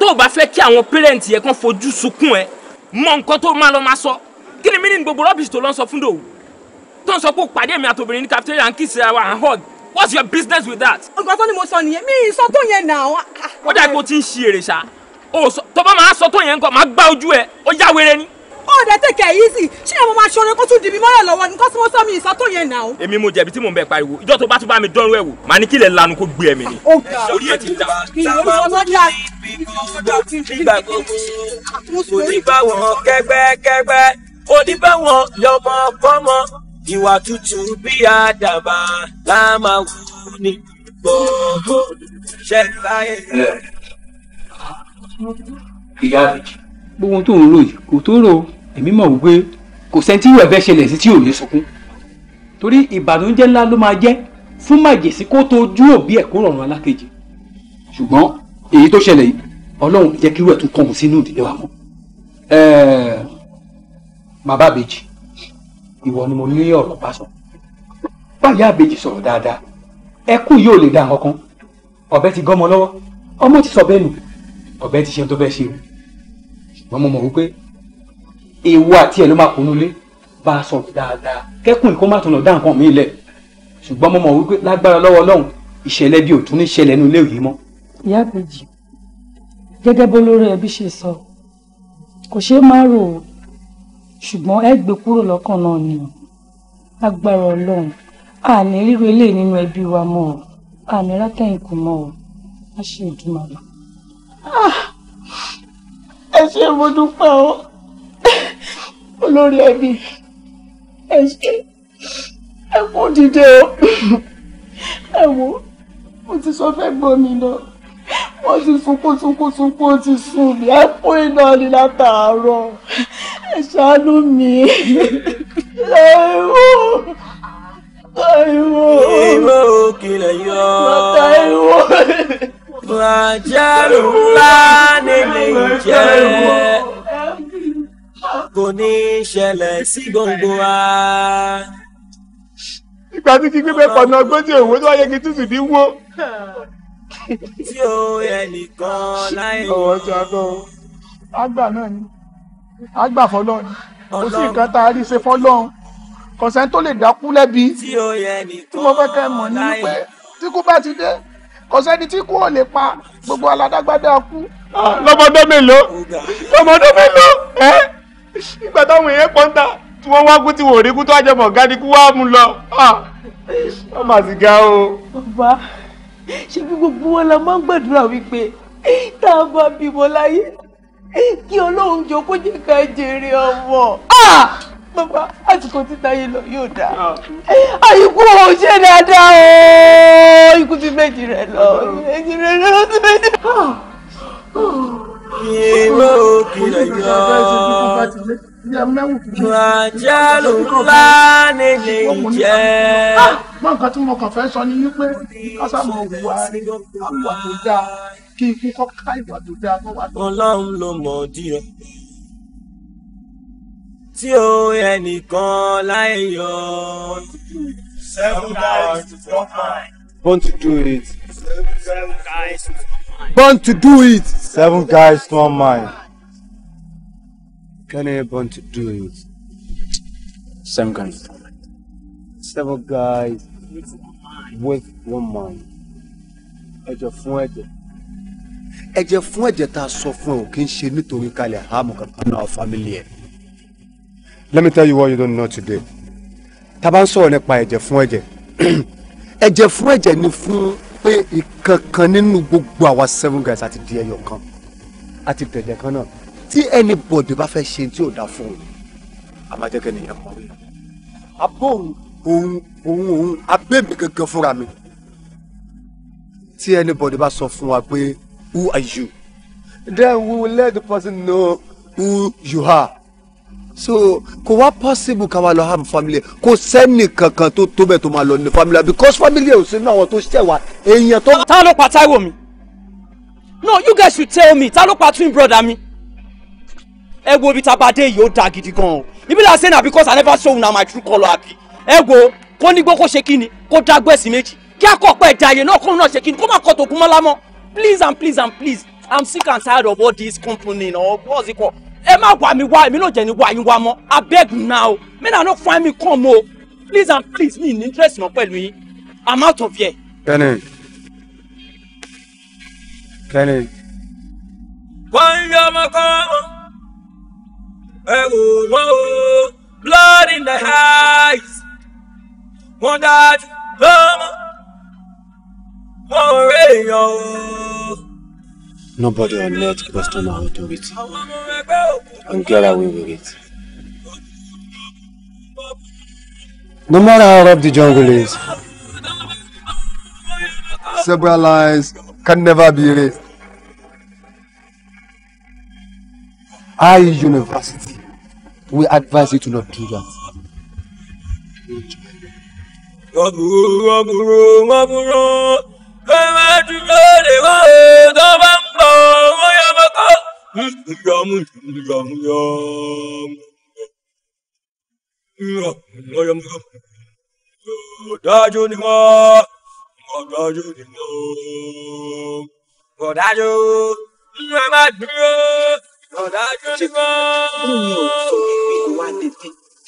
tó o bá fẹ́ kí àwọn pẹ́rẹ́ǹtì yẹn kan fojú sunkún ẹ mọ nǹkan tó máa lọ máa sọ kí ni mí ní gbogbo rọ́bìsì tó lọ sọ fún dòwú tó ń sọ pé ó pàdé mi àtòbìnrin ní cafeteria and kiss ra wa and hug what's your business with that. nǹkan tó ni mo sọ nìyẹn mi ì sọ tó yẹn nà ó. ó dà kó o ti ń ṣe èrè ṣá tó bá máa sọ tó yẹn nǹkan máa gbá ojú ẹ ó yá wéré ni. ó dẹ tẹkẹ yìí sì ṣé ẹ mo máa ṣọrẹ kó tún dìbí mọ́rẹ̀ lọ́wọ́ nǹkan tí mo sọ mi ì sọ tó yẹn nà ó. èmi mo jẹ̀bi tí mò ń bẹ pariwo ìjọ tó bá tún bá mi dánrú ẹ wò màá ní kílẹ̀ lanu kó gbé ẹ̀mí ni. ó ga ó yẹ ti dá dọ̀tí nígbà gbogbo oníbàwọ̀n kẹ́gbẹ́kẹ́gbẹ́ oníbàwọ̀n yọmọ kọ́mọ ìwà tútù bí àdàbà láàmà wù ní gbogbo ṣẹláyé. ìyá mi gbogbo tó ń lò yìí kò tó rò èmi mọ̀ wípé kò sẹ́ni tí ìwà ẹ̀fẹ́ ṣẹlẹ̀ sí tí ò ní sunkún torí ìbànújẹ́ ńlá ló máa jẹ́ fún màjèsí kó tó ojú òbí ẹ̀ kó rọrùn alákejì ṣùgbọ́n èyí tó ṣẹlẹ̀ yìí ọlọ́run jẹ́ kí irú ẹ̀ tún kọ̀hún sínú ìdílé wa mọ́. bàbá àbèjì ìwọ ni mo ní ọ̀rọ̀ bá sọ báyà àbèjì sọ̀rọ̀ dáadáa ẹkún yóò lè dá nǹkan ọ̀bẹ ti gọ́mọ lọ́wọ́ ọmọ ti sọ bẹ́ẹ̀ nù ọ̀bẹ ti ṣe tó fẹ́ ṣe o wọ́n mọ̀ wípé ewu àti ẹ̀ ló máa kunu lé bá a sọ̀rọ̀ dáadáa kẹ́kùn ìkó má tún lọ dá nǹkan mi lẹ̀ ṣùgbọ́n mo mọ̀ wípé lágbára lọ́wọ́ ọlọ́run ìṣẹ̀lẹ̀ bí òtún ní ṣẹlẹ̀ nínú yìí mọ́ ìyá ìbejì gẹ́gẹ́ bó lórí ẹbí ṣe sọ kò ṣeé má rò ó ṣùgbọ́n ẹ gbé kúrò lọ́kàn náà ni agbára ọlọ́run àní ríro eléyìí nínú ẹbí wa mọ́ ọ àní látẹ̀yìn kò mọ́ ọ má ṣe ìdúmọ̀lá. Ah! ẹ ṣe mo dúpẹ́ o olórí ẹbí ẹ ṣe ẹ kú dìde o ẹ wo mo ti sọ fẹ́ gbọ́ mi lọ ó ti sunkún sunkún sunkún ó ti sùn mí ẹkún iná ni látàárọ̀ ẹ ṣàánú mi ẹwọ ẹwọ ìwọ òkìlẹ yọ bàtà ẹwọ bàjẹ́rù ńlá nílé ìjẹ́ kò ní ṣẹlẹ̀ sí gbogbo wa ìgbà tí kí gbé mẹ́fà náà gbọ́dọ̀ òwe tó wáyé kí tútù ní wó tí ó ẹnìkan láì wọ. ọwọ́ ti àgọ́ o àgbà náà ni àgbà fọlọ́run kò sí nǹkan tá a rí ṣe fọlọ́run kọ̀sẹ́ tó lè dákú lẹ́bi tí mo fẹ́ kẹ́ mọ̀ ní pé tí kú bá ti dé kọ̀sẹ́ni tí kú ò lè pa gbogbo aládágbádá kú. Ah, lọ́mọdé mélòó lọ́mọdé mélòó ẹ́ ìgbà táwọn èèyàn pọ̀ ń ta tí wọ́n wá kú tí wọ́n ò rí kú tó àjẹmọ̀ ọ̀gá wá mú lọ. Ah, ọmọ àsìgá o. bàbá ṣé bí gbogbo wọn la máa ń gbàdúrà wípé tá a bá bímọ láyé kí ọlọ́run jọ kó jẹ́ ká jèrè ọmọ bàbá àsìkò títa yìí lọ yóò dáa àyíkú ò ṣe dáadáa o ikú ti méjì rẹ lọ méjì rẹ lọ ti méjì ìmọ̀ òkìlọ̀ yọ àjálù ńlá nílé ìjẹ́. mọ nǹkan tí mo kàn fẹ́ sọ ni wípé kásámọ̀ wà ní àwà tó dáa kí ikú kọ́ ká ìwà tó dáa kọ́ wà tó. ọlọ́run ló mọ̀ ọ́ dí ọ tí ó ẹnìkan láì yọ. seven guys to four five. want to do it. seven guys to four five born to do it. Seven guys, one mind. Kenny born to do it. Seven guys. Seven guys with one mind. Ẹ̀jẹ̀ fún ẹ̀jẹ̀. Ẹ̀jẹ̀ fún ẹ̀jẹ̀ tá a sọ fún ẹ ò kí n ṣe nítorí kalẹ̀ àmọ̀ kankan náà fámìlì ẹ̀. Let me tell you what you don't know today. Tá a bá ń sọ̀rọ̀ nípa ẹ̀jẹ̀ fún ẹ̀jẹ̀. Ẹ̀jẹ̀ fún ẹ̀jẹ̀ ni fún pé ìkankan nínú gbogbo àwa seven guys àti di ẹyọ kan àti dẹ̀dẹ̀ kan náà tí anybody bá fẹ́ ṣe tí ò dá fún un a máa jẹ́ kí ènìyàn mọ̀ wí. àbó òun òun òun abémi gangan fúnra mi tí anybody bá sọ fún wa pé who are you then we will let the person know who you are so kò wá possible ká wá lọ have family kò sẹ́ni kankan tó tó bẹ́ẹ̀ tó máa lọ ní family because family ò sínú àwọn tó ṣẹ̀ wá èèyàn tó. ta ló pa Táíwò mi no you guys should tell me ta ló pa twin brother mi ẹ wo ibi tábà dé yìí ó da gidi gan o ibi la say na because i never show una my true colour abi ẹ wo kó nígbó kó ṣe kíni kó dágbó ẹ̀sìn méjì kí akọ̀pọ̀ ẹ̀dá ayé náà kóun náà ṣe kíni kó má kọ́ tògùn mọ́lá mọ́ please and please and please i'm sick and tired of all this complaining or what's it called ẹ má wà mí wá èmi náà jẹ́ ni wà yín wá mọ́ abeg now men are not find me come o please and please me in interest mọ́ pẹ̀lú yín i'm out of here. Kenny Kenny. wọ́n yọ ọmọ kan ẹ wò o blood in the eyes wọ́n dájú lọ́mọ wọ́n ò rí o. Nobody on earth could stand how to do it and get away with it. No matter how rough the jungle is, several lines can never be erased. I University, we advise you to not do that. Ọ̀gùrù ọ̀gùrù ọ̀gùrù, mako moya mako yamu yamu yamu yamu ọ̀dájú ni wọ́n ọ̀dájú ni wọ́n ọ̀dájú ẹ má dúró ọ̀dájú ni wọ́n.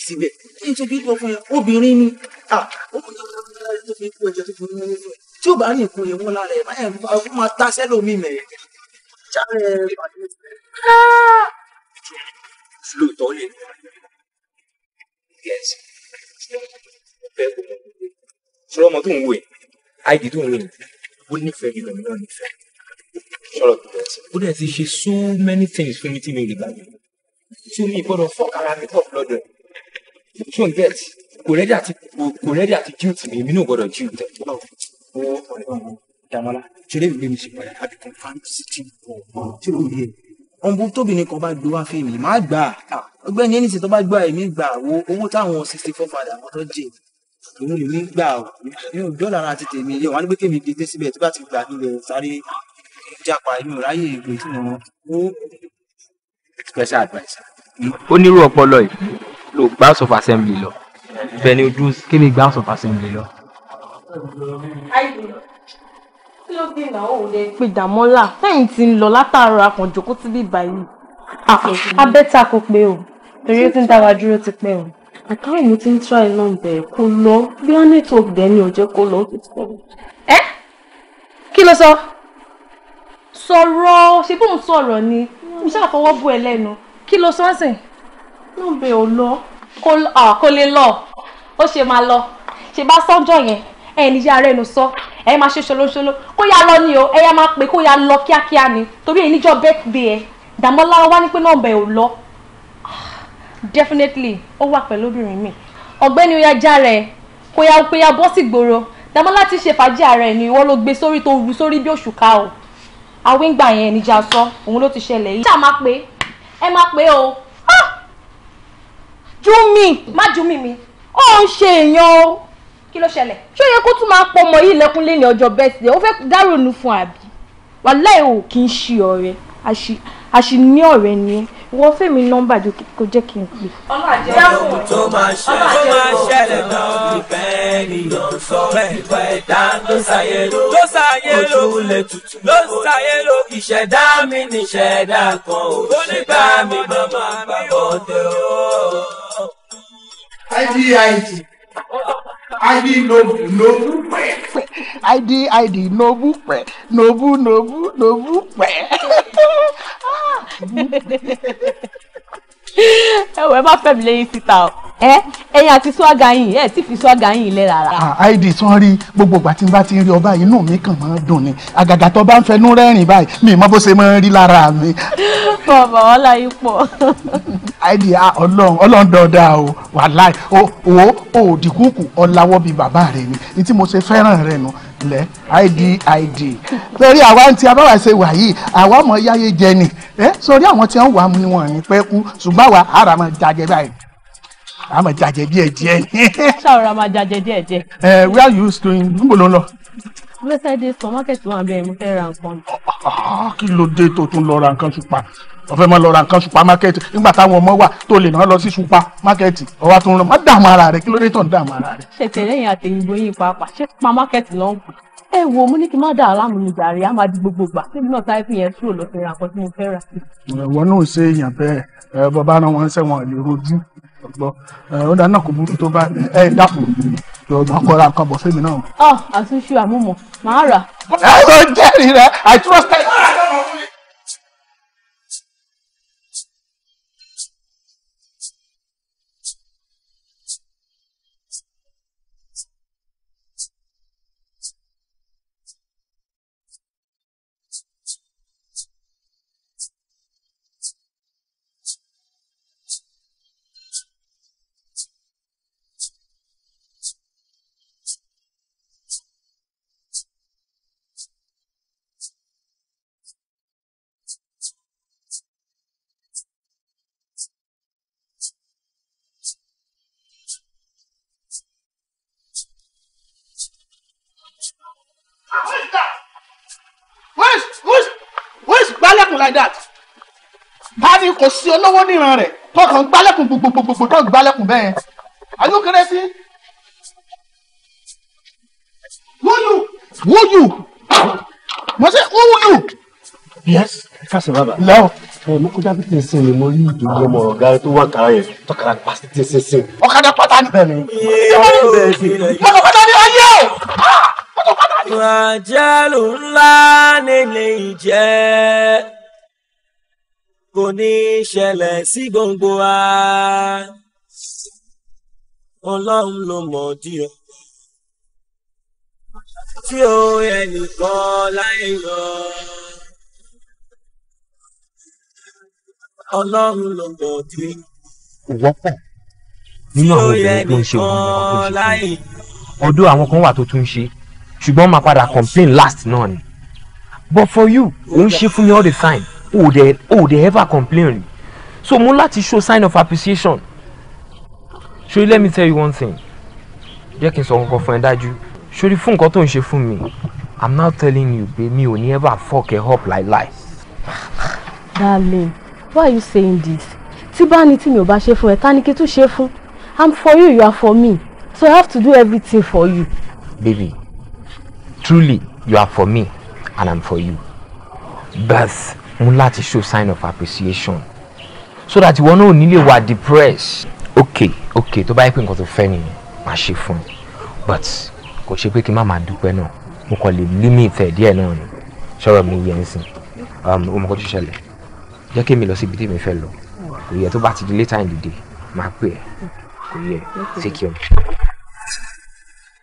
síbẹ̀ nítorí lọ fún yẹn obìnrin ni tí ó bá rí nǹkan yẹn wọn lára ẹ̀ máa ta sẹ́lómi mẹ́rin. Chale, lóòótọ́ lè ní yẹnsì ọ̀fẹ́ kò mọ̀ nílé sọ̀rọ̀ ọmọ tó ń wò ẹ̀ àìdí tó ń wò ẹ̀ ó nífẹ̀ẹ́ gidi ọ̀mìnà nífẹ̀ẹ́ sọ̀rọ̀ tó bẹ̀rẹ̀ sí ó dẹ̀ ti ṣe so many things fún mi tí mi lè gbàgbé tí omi ìgbọ́dọ̀ fọ́ ara mi pọ̀ lọ́dọ̀ ẹ̀ ṣó ń gẹ̀ẹ́tì kò rẹ́dí àti jamana cire bi misi bɔlɛ a bi kɛ fan siti bɔ ti o ye wọn bú tóbi ní kan bá gbé wá fèmí má gbà á ọ̀gbẹ́ni ẹni sì tó bá gbà èmi gbà wo owó táwọn sixty four padà wọn tó jẹ èmi lèmi gbà ó inú dọ́là ara ti tèmi yẹ wọn á ní pé kémi dédé síbẹ̀ tó bá ti gbà nílẹ̀ sáré jápa inú ráyè ìgbè tí wọn ó special adviser. onírú ọpọlọ yìí ló gba house of assembly lọ bẹ́ẹ̀ ni ojú kémi gba house of assembly lọ kí ló dé náà òun lè pe dàmọ́là lẹ́yìn tí ń lọ látàárọ̀ akànjókó tí bí báyìí. abẹ́ta ah, kò pé o torí tí ń dá wa dúró ti pẹ́ o. àkàrà mi ti ń try number kó lọ bí wọ́n nètò ọ̀gbẹ́ ni òjẹ́ kó lọ. ẹ kí ló sọ sọ̀rọ̀ ṣe bóun sọ̀rọ̀ ni mo ṣáà fọwọ́ bú ẹ lẹ́nu kí ló sọ ń sìn. number ò lọ. kò ah, lè lọ ó ṣe máa lọ ṣe bá sọ́jọ́ yẹn ẹ ní yára ẹnu sọ ẹ máa ṣe ṣolóṣoló kó yá lọ ni o ẹ yá máa pè kó yá lọ kíákíá ni torí èyí níjọ birthday ẹ Dàmọ́lá wá ní pé nọ́mbà ò lọ definitely ó wà pẹ̀lú obìnrin mi ọ̀gbẹ́ni ó yá jára kó yá pé yá bọ́ sí gbòòrò Dàmọ́lá ti ṣe fàájì ara ẹ ni ìwọ ló gbé sórí tó wù sórí bí òṣùká o àwíǹgbà yẹn níjà sọ òun ló ti ṣẹlẹ̀ yìí. ṣáà máa pè ẹ máa pè o ah! jumi má jumi mi ó ń ṣe èèyàn o kí ló ṣẹlẹ̀. ṣó yẹ kó tún máa pọ ọmọ yìí lẹ́kún lé ní ọjọ́ bẹ́ẹ̀sì ó fẹ́ dárònú fún àbí wàláì ò kì í ṣe ọ̀rẹ́ àṣì ní ọ̀rẹ́ ni ẹ ìwọ fẹ́mi jù kò jẹ́ kí n pè. ọlọ́run tó máa ṣẹlẹ̀ náà bẹ́ẹ̀ ni yóò sọ nípa ẹ̀dá ló ṣàyè ló ojú lè tutù ló ṣàyè ló ìṣẹ̀dá mi níṣẹ̀dá kan ò nígbà mi máa gbàgbọ́ dé o. id ID Nobu Nobu pẹ. ID ID Nobu pẹ Nobu Nobu Nobu pẹ. ẹ wọ ẹ má fẹ́ mi lẹ́yìn síta o ẹ ẹyin àti swaga yìí ẹ sì fi swaga yìí lẹ rárá. àìdè ah, tán rí gbogbo ìgbà tí n bá ti rí ọba inú mi kàn máa ń dùn ni àgàgà tó bá ń fẹnu rẹ́rìn báyìí mi mọ bó ṣe máa ń rí lára mi. bàbá ọlá yìí pọ̀. àìdè Ọlọ́run Ọlọ́run dọdá o wàláì o o òdìkúkù ọláwọ bíi bàbá rẹ ni ní tí mo ṣe fẹ́ràn rẹ nu lẹ idid lórí àwa ti abáwa ṣe wà yìí àwa mọ yáyé jẹ ni ẹ sórí àwọn tí wọn wà mú ni wọn ní pẹ kú ṣùgbọ́n àwa ara máa jajẹ báyìí a máa jajẹ díẹ̀ díẹ̀ ni. ṣàwòrán máa jajẹ díẹ̀ díẹ̀. ẹ eh, where you stay níbo ló ń lọ. mo fẹ́ sáré dé supermarket wọn àbẹ̀ mo fẹ́ ra nǹkan. Ah, kí ló dé tó tún lọ ra nǹkan ṣùpà ọfẹ máa lọ ra nǹkan supamakẹẹti nígbà táwọn ọmọ wà tó lè náà lọ sí supamakẹẹti ọwọ tó ń rán má dààmú ara rẹ kí ló dé tàn dààmú ara rẹ. ṣètè lẹ́yìn àtẹ̀yìnbó yín pàápàá ṣé supamakẹẹti ló ń pè. ẹ wo mo ní kí n má dà á láàmú ní gàrí á máa di gbogbo gbà síbi náà táìpì yẹn sùúrù lọ fẹ́ ra mo fẹ́ wọn náà ṣe èèyàn bẹ́ẹ̀ bàbá náà wọn ń sẹwọn lè rojú ọgbọ ó dáná kò burú tó bá ẹ dàpọ̀ lọ́dọ̀ akọ́ra nǹkan bọ̀ fẹ́mi náà. Ah, àtúnṣe àmúmọ̀ màá rà. ẹ ló jẹ́rìí rẹ i kò sí olówó níran rẹ̀ tọkàn gbálẹ̀kùn gbogbogbò tó gbálẹ̀kùn bẹ́ẹ̀ ayú kéré sí. wúyù wúyù mo ṣe wúyù. yes kásìn bàbá. lọ. ẹ mú kọjá bí tẹsán ni mo rí ìdúró ọmọ ọgá tó wà kára yẹn tọkàrà pàṣẹ tẹsán sí. ọ̀kadà pátá ni. bẹ́ẹ̀ni mọ́tò pátá ni ayé o. Ah! mọ́tò pátá ni. àjálù ńlá nílé ìjẹ́ kò ní ṣẹlẹ̀ sí gbogbo wa. ọlọ́run ló mọ̀ dí ọ. tí o ẹnìkan láì lọ. ọlọ́run ló mọ̀ dí. wọ́pọ̀ nínú àwọn obìnrin tó ń ọdún àwọn kan wà tó tún ṣe ṣùgbọ́n máa padà complain last náà ni but for you ò ń ṣe fún mi all the time o they, o they ever complain rí so mo láti show sign of appreciation ṣori let me tell you one thing jẹ́ kí n sọ kankan fún ẹ dájú ṣori fún nǹkan tó ń ṣe fún mi i'm now telling you pé mi ò ní ever fuck ẹ up like láíláí. darling why are you saying this tí bá ní tí mi ò bá ṣe fún ẹ ta tún ṣe fún i'm for you you are for me so i have to do everything for you. baby truly you are for me and i'm for you. But ń láti show sign of appreciation so that ìwọ náà ò ní lè wà depressed. ok ok tó bá yẹ pé nǹkan tó fẹ́ nìyẹn máa ṣe fún un but kò ṣe pé kí n má máa dúpẹ́ náà mo kàn lè limit ẹ̀ díẹ̀ náà ni sọ̀rọ̀ mi yẹn sìn um, o mọ̀ kó tó ṣẹlẹ̀ jẹ́ kí mi lọ síbi tí mi fẹ́ lọ kò yẹ tó bá ti di later in the day máa pè ẹ́ kò yẹ take care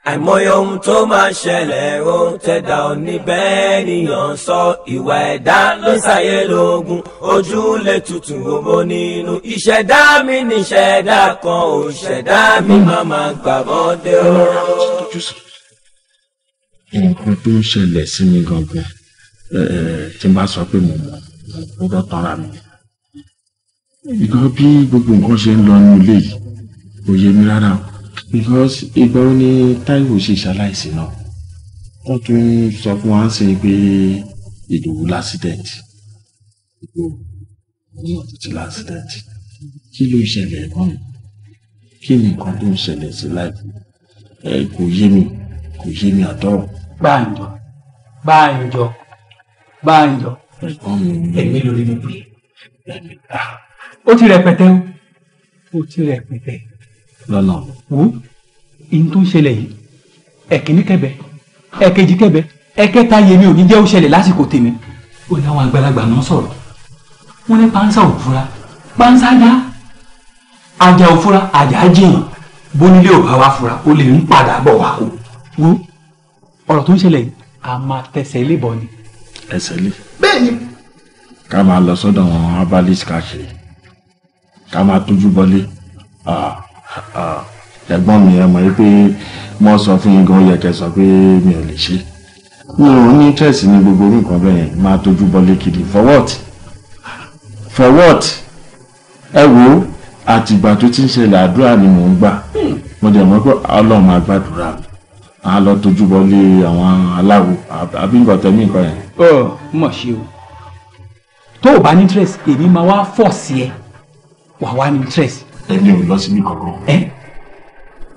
àìmọye ohun tó máa ṣẹlẹ̀ ohun tẹ̀dá òní bẹ́ẹ̀ nìyàn sọ ìwà ẹ̀dá ló ṣàyè lógún ojú lè tutù òbò nínú ìṣẹ̀dá mi ní ìṣẹ̀dá kan ò ṣẹ̀dá mi máa máa gbàmọ́dé o. nǹkan tó ń ṣẹlẹ̀ sí mi gangan tí bá sọ pé mo mọ̀ mo gbọ́dọ̀ tanra mi. ìgbà bí gbogbo nǹkan ṣe ń lọ nínú ilé yìí kò yé mi rárá o because ìgbà ó ní Táíwò ṣe ṣaláìsí náà wọ́n tún sọ fún wa ṣe pé Ìdòwú l'accident Ìdòwú náà tó ti l'accident kí ló ṣẹlẹ̀ ẹ̀gbọ́n mi kí ni nǹkan tó ń ṣẹlẹ̀ sí láìpẹ́ ẹ kò yé mi kò yé mi àtọ́. Báyìí báyìí báyìí ẹ̀mí lórí mi pé ó ti rẹpẹtẹ ó ti rẹpẹtẹ lọ́nà. wo ihun tó ń ṣẹlẹ̀ yìí ẹ̀kíní kẹ̀bẹ̀ ẹ̀kejì kẹ̀bẹ̀ ẹ̀kẹta yèmi ò ní jẹ́ ó ṣẹlẹ̀ lásìkò tèmi. ó ní àwọn àgbàlagbà náà sọ̀rọ̀ wọ́n ní pánsá ò fura pánsá dá ajá ò fura ajá jìyàn bónílé ò bá wa fura ó lè ń padà bọ̀ wá o. wo ọ̀rọ̀ tó ń ṣẹlẹ̀ yìí a máa tẹsẹ̀ lé bọ̀ ni. ẹsẹ̀ lé. bẹ́ẹ̀ni. ká máa lọ sọ́dọ̀ wọn abalẹ̀ káàkiri Ah ẹ̀gbọ́n mi ẹ mọ̀ pé mo sọ fún yín gan yẹ kẹ́ sọ pé mi ò lè ṣe mi ò ní interest ní gbogbo orí nǹkan bẹ́ẹ̀ máa tójú bọ́lé kiri for what for what ẹ wo àtìgbà tó ti ń ṣẹlẹ̀ àdúrà ni mò ń gbà mo dẹ̀ mọ̀ pé ọlọ́run máa gbàdúrà mi à lọ tójú bọ́lé àwọn aláwo àbí nǹkan tẹ̀mí nǹkan yẹn. ọ mọ̀ ṣe o tó o bá ní interest èmi máa wá fọ̀ sí ẹ wà wá ní interest èmi ò lọ síbi kankan. ẹ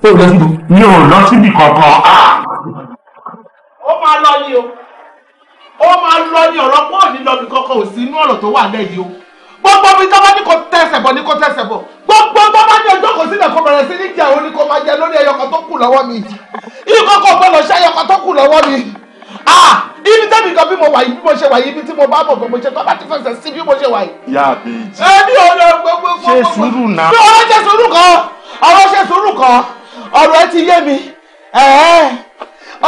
ò lọ síbi. mi ò lọ síbi kankan. Ah! ó máa lọ ni o ó máa lọ ni ọ̀rọ̀ pọ̀ ní lọ́bì kankan ò sí inú ọ̀rọ̀ tó wà lẹ́yìn o gbogbo mi tọ́ bá ní kò tẹsẹ̀ bọ̀ ní kò tẹsẹ̀ bọ̀ gbogbo tó bá ní ọjọ́ kò sílẹ̀ kò bẹ̀rẹ̀ sí ní jẹ́ òní kò máa jẹ lórí ẹyọkan tó kù lọ́wọ́ mi ìkọ̀kọ̀ gbọ́dọ̀ ṣe ẹyọkan tó kù lọ́wọ́ mi ah ibi tẹ́bi kan bí mo wà yìí bí mo ṣe wà yìí ibi tí mo bá mọ̀ pé mo ṣe kọ́ bá ti fẹsẹ̀ sí bí mo ṣe wà yìí. yá bíi. ẹ ní ọ̀rọ̀ gbogbo. ṣe sùúrù náà. bí ọ̀rọ̀ ṣe sùúrù kan ọ̀rọ̀ ṣe sùúrù kan ọ̀rọ̀ ẹ ti yé mi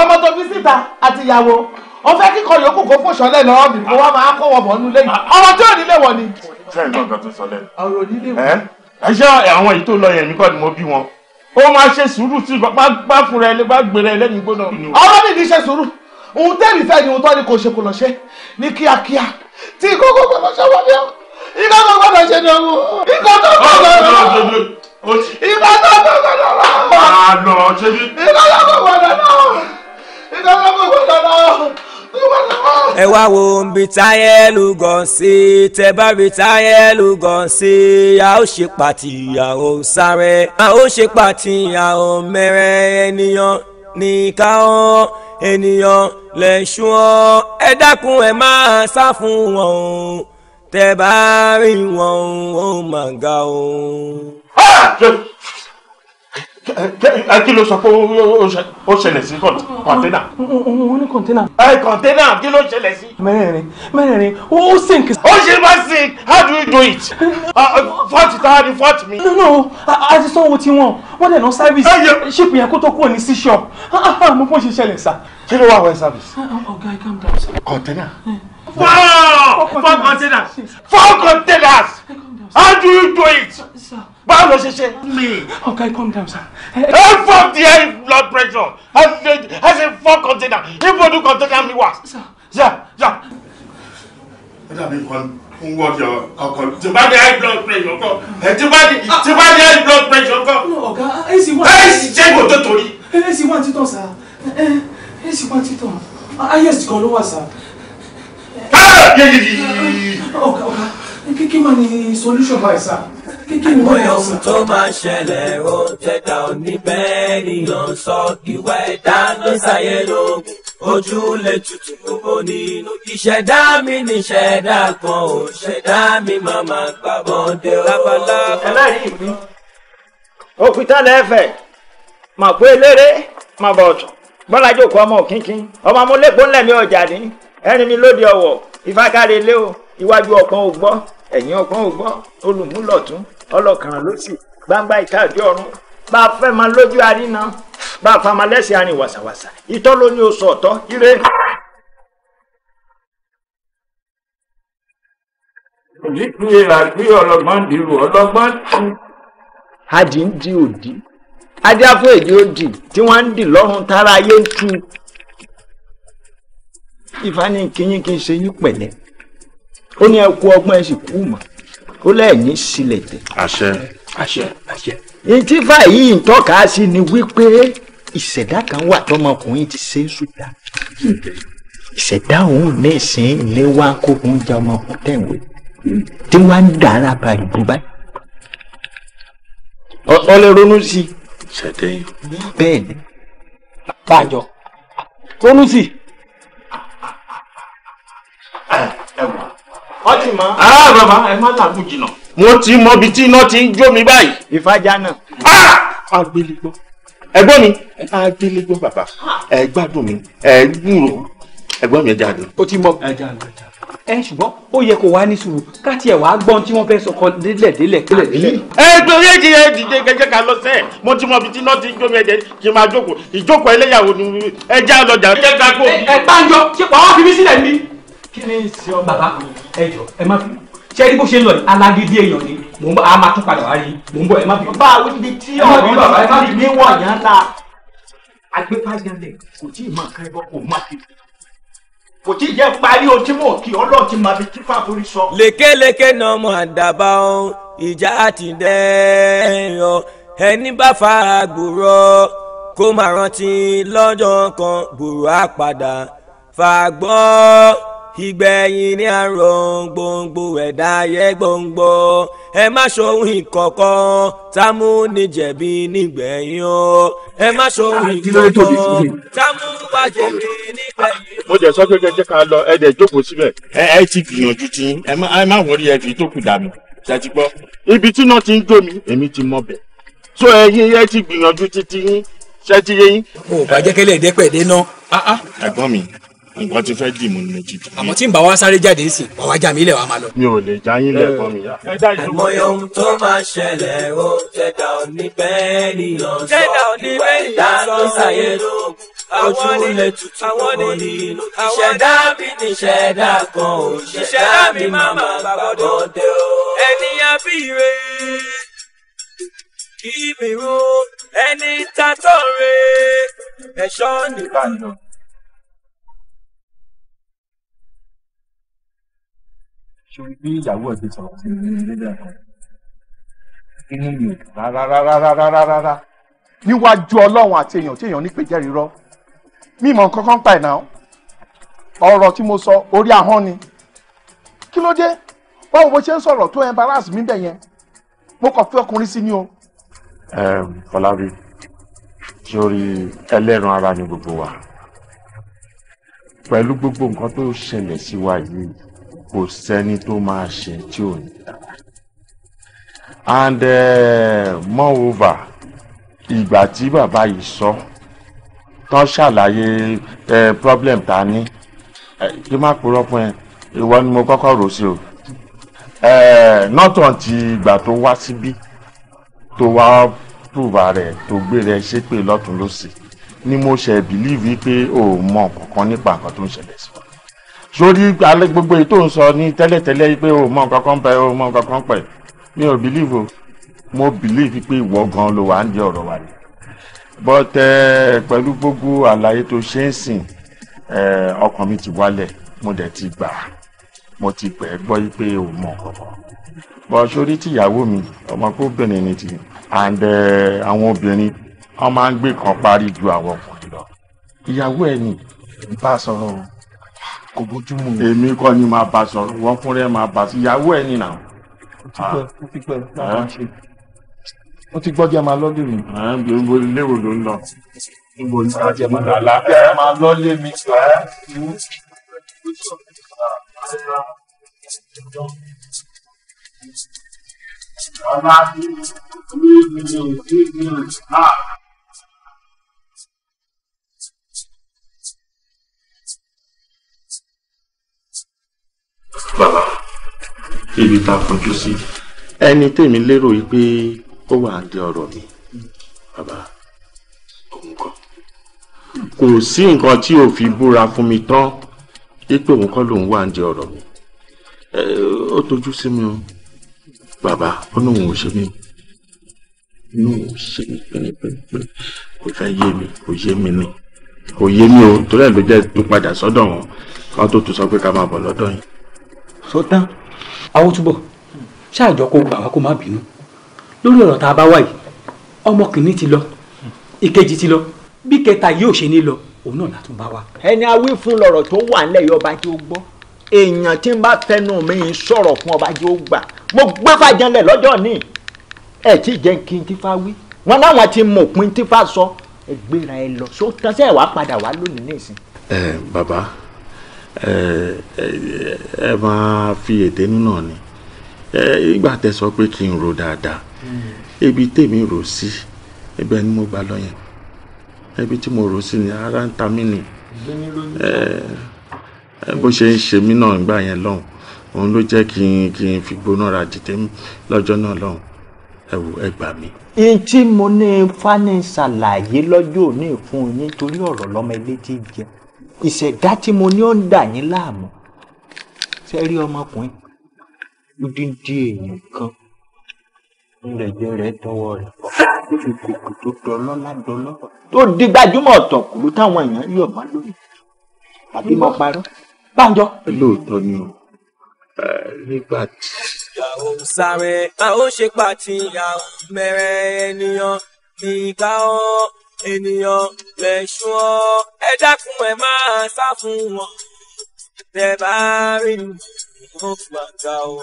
ọmọ tó fi síta àti ìyàwó wọ́n fẹ́ kíkọ yòókù kó fòṣọlẹ̀ lọ́wọ́ mi kó wá máa kọ́ wọ̀ bọ́nú lẹ́yìn ọmọ tí ò nílé wọ̀ ni. ṣé ẹ̀ gbọ́n kan tó sọ lẹ́nu. ọ̀rọ̀ nílé wọ̀. ẹ ṣé àwọn èyí tó lọ yẹn mi kọ́ ni mo bí wọn ó máa ṣe sùúrù tí òun tẹ́lì fẹ́ ni òun tọ́ ni kò ṣe kò lọ ṣe ní kíákíá tí kókó kò lọ ṣe wọlé o ìgbà gbọdọ̀ ṣe ni ọmọ ìgbà tó gbọdọ̀ lọ ìgbà tó gbọdọ̀ ṣe ni ìgbà tó gbọdọ̀ lọ ìgbà tó gbọdọ̀ lọ ẹ wá wo ibi táyé ló gàn sí tẹ bá ibi táyé ló gàn sí a ó ṣe pàtì sáré a ó ṣe pàtì mẹrẹ ènìyàn nìkan o ènìyàn lẹ̀ṣù ọ́ ẹ dákun ẹ máa sá fún wọn o tẹ bá rí wọn o ó mà ga o kí ló sọ pé ó ṣẹlẹ̀ sí kọ̀ǹténà. wọ́n ní kọ̀ǹténà. ẹ kọ̀ǹténà kí ló ṣẹlẹ̀ sí. mẹ́rẹ̀ẹ̀rin mẹ́rẹ̀ẹ̀rin ó sink. ó ṣe máa sink how do you do it. fọ́ọ̀tì tá a ní fọ́ọ̀tì mi. no no a ti sanwó tiwọn wọ́n dẹ̀ ná service. ṣípì yẹn kó tó kúrò ní sí shop mo fún ṣe ṣẹlẹ̀ sá. kí ló wà wọ service. ọ̀gá ẹ calm down. kọ̀ǹténà. Eh. four four containers four containers. How do you do it? Sir. Báwo ló ṣe say? Me. Okay, calm down, sir. Ẹ fọ́ the high blood pressure. Ẹ a four container. Ibodun container mi wà. Sir. Sir. Sir. Ẹ dàbí nǹkan ń wọ́ di ọkọ. Tí bá The high blood pressure Go. No, okay. kọ́. Tí bá di tí bá di high blood What kọ́. Ọ̀gá AC one. AC jẹ́ ìbò tó torí. AC one títàn sá. AC one títàn. Highest kan ló wà sá. Ọ̀gá ọ̀gá kíkí mà ní solution báyìí sá kíkí ni wọ́n yọ sá. ohun tó máa ṣẹlẹ̀ ó tẹ́ta ò ní bẹ́ẹ̀ nìyàn sọ ìwà ẹ̀dá ló ṣàyẹ̀ lóògùn ojú lè tutù mo nínú. ìṣẹ̀dá mi ní ìṣẹ̀dá kan ò ṣẹ̀dá mi màmá gbàbọ̀dé o. ẹ má rí ìlú òkúta lẹ́fẹ̀ mà kú eléré mà bọ̀ ọ̀tún bọ́lá jókòó ọmọ òkínkín ọmọ amúlẹ́gbọ́n lẹ́mí ọjà ní ẹni mi lóde ọ̀wọ̀ ìfákàrẹ̀ lé o iwájú ọpọ́n ò gbọ́ ẹ̀yìn ọpọ́n ò gbọ́ olùmúlọ̀tún ọlọ́kàn lósì gbangba ìtàjọ ọ̀run bá a fẹ́ máa lójú àríná bá a fa máa lẹ́sẹ̀ àárín wàsàwàsà ìtọ́ ló ní oṣù ọ̀tọ́ ire. òdìkú ìlà gbé ọlọ́gbọ́n dìrò ọlọ́gbọ́n tún. adì ń di òdì ajá fún èdè òdì tí wọ́n ń dì lọ́rùn tára ayé ń tu ìfani kìnyín kí n ṣe yín pẹ̀lẹ́ ó ní ẹkú ọgbọ́n ẹ sì kú mọ́ ó lẹ́yìn sílẹ̀ tẹ̀. àṣẹ àṣẹ àṣẹ. ìtìfà yìí ń tọ́ka sí ni wípé ìṣẹ̀dá kan wà tọmọkùnrin ti ṣe é sùdá ìṣẹ̀dá òun ní ìsìn ilé wa kó oúnjẹ ọmọkùnrin tẹ̀wé tí wàá ń dàrá ba ìbú báyìí. ọ lè ronú sí i. ṣẹ̀dá yìí. bẹ́ẹ̀ ni. bàjọ́ ronú sí i. ẹ wò ó ọtí mọ. ah bàbá ẹ má làágùn jìnnà. mo ti mọ ibi tí iná ti ń jó mi báyìí. ìfajà náà. agbélégbó. Ah! ẹ̀gbọ́n mi agbélégbó bàbá ẹ gbádùn mi ẹ gbúrò ẹ̀gbọ́n mi ẹ jáde. o ti mọ. ẹ jáde ẹ ṣùgbọ́n ó yẹ kó wá ní sùúrù ká tiẹ̀ wá gbọ́n tí wọ́n fẹ́ sọkọ délẹ̀ délẹ̀ délẹ̀ délẹ̀. ẹ torí èkì ẹ dìde gẹ́gẹ́ ká lọ sẹ́ẹ̀ mo ti mọ ibi tí iná ti ń jó mi ẹ̀jẹ̀ kí n máa jókòó ìjókòó ẹlẹ́yàwó ni ẹ já lọ jà. ẹ gbàgbọ́ ẹ gbàgbọ́ ṣé wàá fi mí sílẹ̀ mi kí ni ìsì ọmọ bàbá ẹ jọ ẹ má bínú ṣé rí bó ṣe ń lọ yìí alágídí èèyàn ni mò ń bọ àá tún padà wá rí mò ń bọ ẹ má bínú. bá a wí ni tí ọ̀rọ̀ bàbá ẹ má bínú ní wọ̀nyá ńlá agbépájálẹ̀ kò tí ì máa ká ẹbọ kò má ti kò tí ì jẹ́ parí ohun tí mò ń kí ọlọ́run ti máa fi kífà forí sọ. lékeleke náà mọ àdàbà ohun ìjà ti dẹ́ ẹni bá fa gbòòrò kó máa rántí lọ́jọ́ kan gbòòrò àpàdà fàgbọ́ ìgbẹ̀yìn ni à ń ràn gbòǹgbò ẹ̀dá ayé gbòǹgbò ẹ má ṣohun ìkọ̀kọ̀ támú ní jẹ̀bi nígbẹ̀yìn o ẹ má ṣohun ìkọ̀kọ̀ támú wá jẹ̀bi nígbẹ̀yìn mo jẹ sọ pé kẹjẹ ká lọ ẹ dẹ jókòó síbẹ̀. ẹ ẹ ti gbìyànjú tí ẹ má wọrí ẹ fi tó kù dànù ṣàti gbọ́. ibi tí náà ti ń jó mi èmi ti mọ bẹ̀ so ẹyin ẹ ti gbìyànjú títí ṣẹ́ ti yé yín. o bàjẹ́ kẹ́lẹ́ ẹ̀dẹ́pẹ̀ẹ́dẹ́ náà. Ah, ah. ẹ̀gbọ́n mi nǹkan ti fẹ́ dì mú ní méjì. àmọ́ tí ń bá wa sáré jáde sí wà wá já mi lẹ̀ wà máa lọ. mi ò lè já yín mi. àmọ́ ohun tó máa ṣẹlẹ̀ o jẹ́dá òní bẹ́ẹ̀ nìyàn sọ jẹ́dá òní bẹ́ẹ̀ nìyàn sọ ṣàyè lóògùn ojú ilẹ̀ tutù kò ní inú. ìṣẹ̀dá mi ni ìṣẹ̀dá kan ò ìṣẹ̀dá mi máa máa gbàgbọ́ dé o. ènìyàn bí kì í mìíràn ẹni tatọ́ re ẹ̀ṣọ́ nìbàdàn. sórí bí ìyàwó ẹ̀ ti sọ̀rọ̀ sí ìdílé ẹ̀kọ́ inú mi ò rárá rárá rárá rárá níwájú ọlọ́run àti èèyàn tí èèyàn ní pèjẹ́ rírọ́ mímọ̀ kankan pa ìná ọ̀rọ̀ tí mo sọ orí ahọ́n ni kí ló dé báwo bó ṣe ń sọ̀rọ̀ tó embarrass mi bẹ̀ yẹn mo kàn fún ọkùnrin sí ni o. Fọlábí sórí ẹlẹ́ran ara ni gbogbo wa pẹ̀lú gbogbo nǹkan tó ṣẹlẹ̀ sí wa yìí kò sẹ́ni tó máa ṣe tí ò ní dára and uh, moreover ìgbà tí bàbá yìí sọ tán ṣàlàyé eh, problem ta ní eh, kí má purọ́ fún ẹ ìwọ ni mo kọ́kọ́ rò sí o nọ́tàn ti ìgbà tó wá síbí tó wá pùbà rẹ̀ tó gbé rẹ̀ ṣépè lọ́tún lọ́sì ni mo ṣe bìlíìfì pé o mọ kankan nípa nǹkan tó ń ṣẹlẹ̀ sí wa sórí alẹ́ gbogbo èyí tó ń sọ ní tẹ́lẹ̀tẹ́lẹ̀ pé o mọ nǹkan kan pẹ̀ o mọ nǹkan kan pẹ̀ mi ò bìlíìfù mo bìlíìfù pé ìwọ gan ló wà ń di ọ̀rọ̀ wa ni but pẹ̀lú gbogbo àlàyé tó ṣe ń sìn ọkàn mi ti wálẹ̀ mo dẹ̀ ti gbà mo ti pẹ̀ gbọ́ yí pé o mọ nǹkan kan but sórí tìyàwó mi ọmọ kó bìnrin ni ti and àwọn obìnrin wọn máa ń gbé kan parí ju àwọn ọkùnrin lọ ìyàwó ẹ ní bá sọ̀rọ̀ o kò bójú mu. èmi kọ́ ni màá bá sọ̀rọ̀ wọ́n fúnra ẹ̀ máa bá sí ìyàwó ẹ̀ nìyà. ó ti pẹ́ ó ti pẹ́ ṣe wọ́n ti gbọ́dọ̀ máa lọ́lé mi. gbogbo léwo ló ń lọ. gbogbo ìgbàjẹ́ máa lọ lábẹ́ máa lọ́lé mi. ọ̀la mi ò ní ìlú náà. ibi tá a fojú sí. ẹni tèmi lérò yìí pé ó wà á di ọ̀rọ̀ mi bàbá òun kọ́ kò sí nǹkan tí ò fi búra fún mi tán pé òun kọ́ lòun wà á di ọ̀rọ̀ mi ó tójú sí mi o bàbá ó ní òun ò ṣe mí inú òun ṣe mí pẹ́ẹ́pẹ́ẹ́pẹ́ kò fẹ́ yé mi kò yé mi ni kò yé mi o torí ẹ̀ ló jẹ́ tó padà sọ́dọ̀ wọn kan tó tún sọ pé ká máa bọ̀ lọ́dọ̀ yìí sọ́tàn. So, àwọn túbọ̀ ṣáàjọ kó gbà wá kó má bínú lórí ọ̀rọ̀ tá a bá wà yìí ọmọ kìíní ti lọ ìkejì ti lọ bí kẹta yóò ṣe ní lọ òun náà látún bá wa. ẹni awí fún lọ̀rọ̀ tó wà ńlẹ̀ yìí ọba tí ó gbọ́ èèyàn tí ń bá fẹnu mi ń sọ̀rọ̀ fún ọba tí ó gbà mo gbé fàjànlẹ̀ lọ́jọ́ ní ẹ̀ tí jẹ́ kí n ti fa wí wọn láwọn ti mọ̀ òpin tí fa sọ ẹ gbéra ẹ lọ sótán sẹ́ẹ̀ wá padà wá lónìí nísìn. ẹ bàbá ẹ máa fi ètẹ́nu náà ni ìgbà tẹ sọ pé kí n ro dáadáa ibi tèmi rò sí ibẹ̀ ni mo gbà lọ yẹn ibi tí mo rò sí ni ara ń ta mí ni bó ṣe ń ṣe mí náà nígbà yẹn lọ́hùn òun ló jẹ́ kí n kí n fi gbóná ra dìde lọ́jọ́ náà lọ́hùn ẹ wò ẹ gbà mí. ihun tí mo ní fani ṣàlàyé lọ́jọ́ òní fún yín torí ọ̀rọ̀ lọ́mọ ilé tí jẹ́ ìṣẹ̀dá tí mo ní ó ń dà yín láàmú ṣe rí ọmọkùnrin dídí èèyàn kan ńlẹ̀jẹ̀ rẹ̀ tọwọ́ rẹ̀ bọ̀ tó fi kòkò tó dọlọ́lá dọlọ́rọ̀ tó di gbajúmọ̀ ọ̀tọ̀kùlú táwọn èèyàn yọ̀ má lórí àbí mo parọ́ báńjọ. lóòótọ́ ni o nígbà tí. ìyàwó sáré a ó ṣe pàtì ìyàwó ènìyàn bí ká ènìyàn lẹ̀ṣọ́ ẹ dákun ẹ máa sá fún wọn tẹ bá rí wọn fún àga o.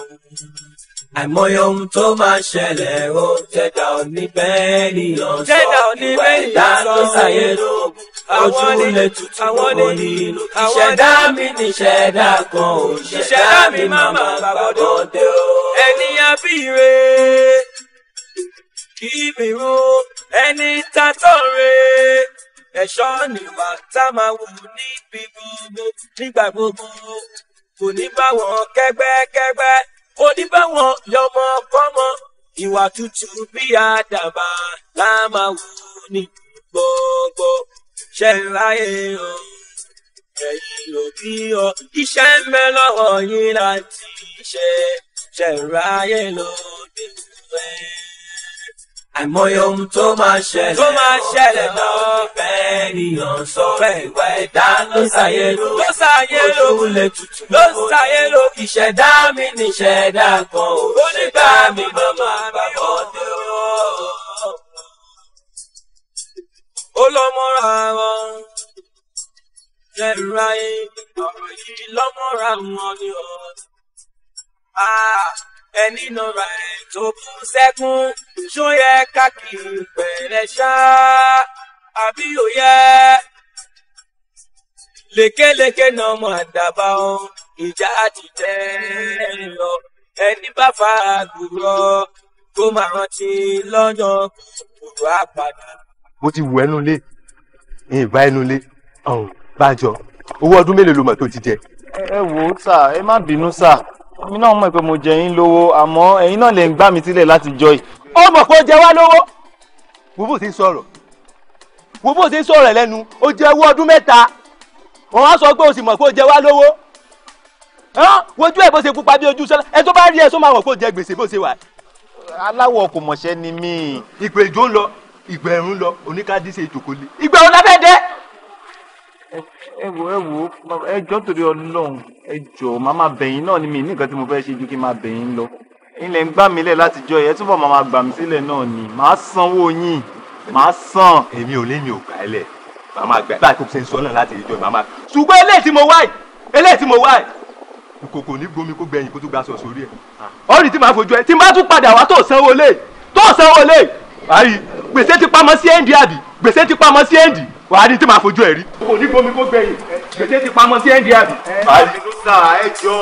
àìmọye ohun tó máa ṣẹlẹ̀ o jẹ́dá òní bẹ́ẹ̀ nìyàn sọ jẹ́dá òní bẹ́ẹ̀ nìyàn sọ ìwé ìdá ló ṣàyè lóògùn ojú ilẹ̀ tuntun kò ní ìlú. ìṣẹ̀dá mi ni ìṣẹ̀dá kan ò ìṣẹ̀dá mi máa máa gbàgbọ́dọ̀ dé o. ènìyàn bí ire kí mi ro ẹni tá tó re ẹ̀ṣọ́ níwà tá máa wù níbi gbogbo nígbà gbogbo kò ní bá wọn kẹ́gbẹ́kẹ́gbẹ́ kò ní bá wọn yọmọ kọ́mọ ìwà tútù bí àdàbà lá máa wù ní gbogbo ṣe ń ráyè hàn ẹ̀yìn lòdì ọ iṣẹ́ ń bẹ lọ́wọ́ yín láti ṣe ṣe ń ráyè lòdì ẹ̀ àìmọye ohun tó máa ṣẹlẹ̀ tó máa ṣẹlẹ̀ náà bẹ́ẹ̀ nìyàn sọ ìwà ẹ̀dá ló ṣàyè ló ló ṣàyè ló ojú lè tutù ló ṣàyè ló ìṣẹ̀dá mi níṣẹ̀dá kan ó nígbà mi màmá bàbọ̀ dé o. ó lọ́mọ́ra wọn lẹ́rù ayé ọ̀rọ̀ yìí lọ́mọ́ra wọn ni ó ẹni nọra ẹ tó bú sẹ́kún ṣó yẹ káàkiri pẹ̀lẹ́ ṣá àbí ò yẹ. lékeleke náà mọ àdàbà ọ̀hún ìjà ti tẹ̀ ẹ́ lọ ẹni bá fa àgùrọ̀ kó máa rántí lọ́jọ́ kòkòrò àpàdà. mo ti wù ẹnu lé ìbá ẹnu lé ọ̀hún bá jọ owó ọdún mélòó ló mọ̀ tó ti jẹ. ẹ wò ó sà ẹ má bínú sà èmi náà mọ̀ pé mo jẹ yín lówó àmọ́ ẹ̀yin náà lè ń gbá mi sílẹ̀ láti jọ yìí. ó mọ̀ pé ó jẹ wá lówó wùbù ti sọ̀rọ̀ wùbù ti sọ̀rọ̀ lẹ́nu ó jẹ owó ọdún mẹ́ta òun á sọ pé o sì mọ̀ pé ó jẹ wá lówó wojú ẹ̀ bó ṣe pupa bí ojú sọ́lá ẹ bá rí ẹ sọ máa mọ̀ pé ó jẹ gbèsè bó ṣe wà. aláwọ̀ kò mọ̀ṣẹ́ ni mí. ìpè ń lọ ìgbẹ̀rún lọ oníkádìí ṣe ìjòkó lé. ìgbẹ̀rún lábẹ́ ẹ wo ẹ wo ẹ jọ torí Ọlọ́run ẹ jọ màá máa bẹ̀yìn náà ni mi ní nǹkan tí mo fẹ́ ṣe ju kí n máa bẹ̀yìn lọ ilẹ̀ ń gbà mí lẹ̀ láti jọ ẹ túbọ̀ máa gbà mí sílẹ̀ náà ni màá sanwó yín màá san. èmi ò lémi ò gbà ẹ lẹ màá máa gbà ẹ báyìí kò ṣe ń sọ náà láti ìjọ màá máa. ṣùgbọ́n eléyìí tí mo wáyì eléyìí tí mo wáyì kòkò ní gbomi kó gbẹ̀yìn kó tó gba aṣọ sórí ẹ ọ̀rì ah. tí màá fojú ẹ tí n bá tún padà wá tó sanwó lé tó sanwó lé báyìí gbèsè ti pamọ́ sí ẹ̀ǹdì àbí gbèsè ti pamọ́ sí ẹ̀ǹdì wàá rí tí màá fojú ẹ rí. kò ní gbomi kó gbẹ̀yìn gbèsè ti pamọ́ sí ndr. àyè ló sà ẹ jọ.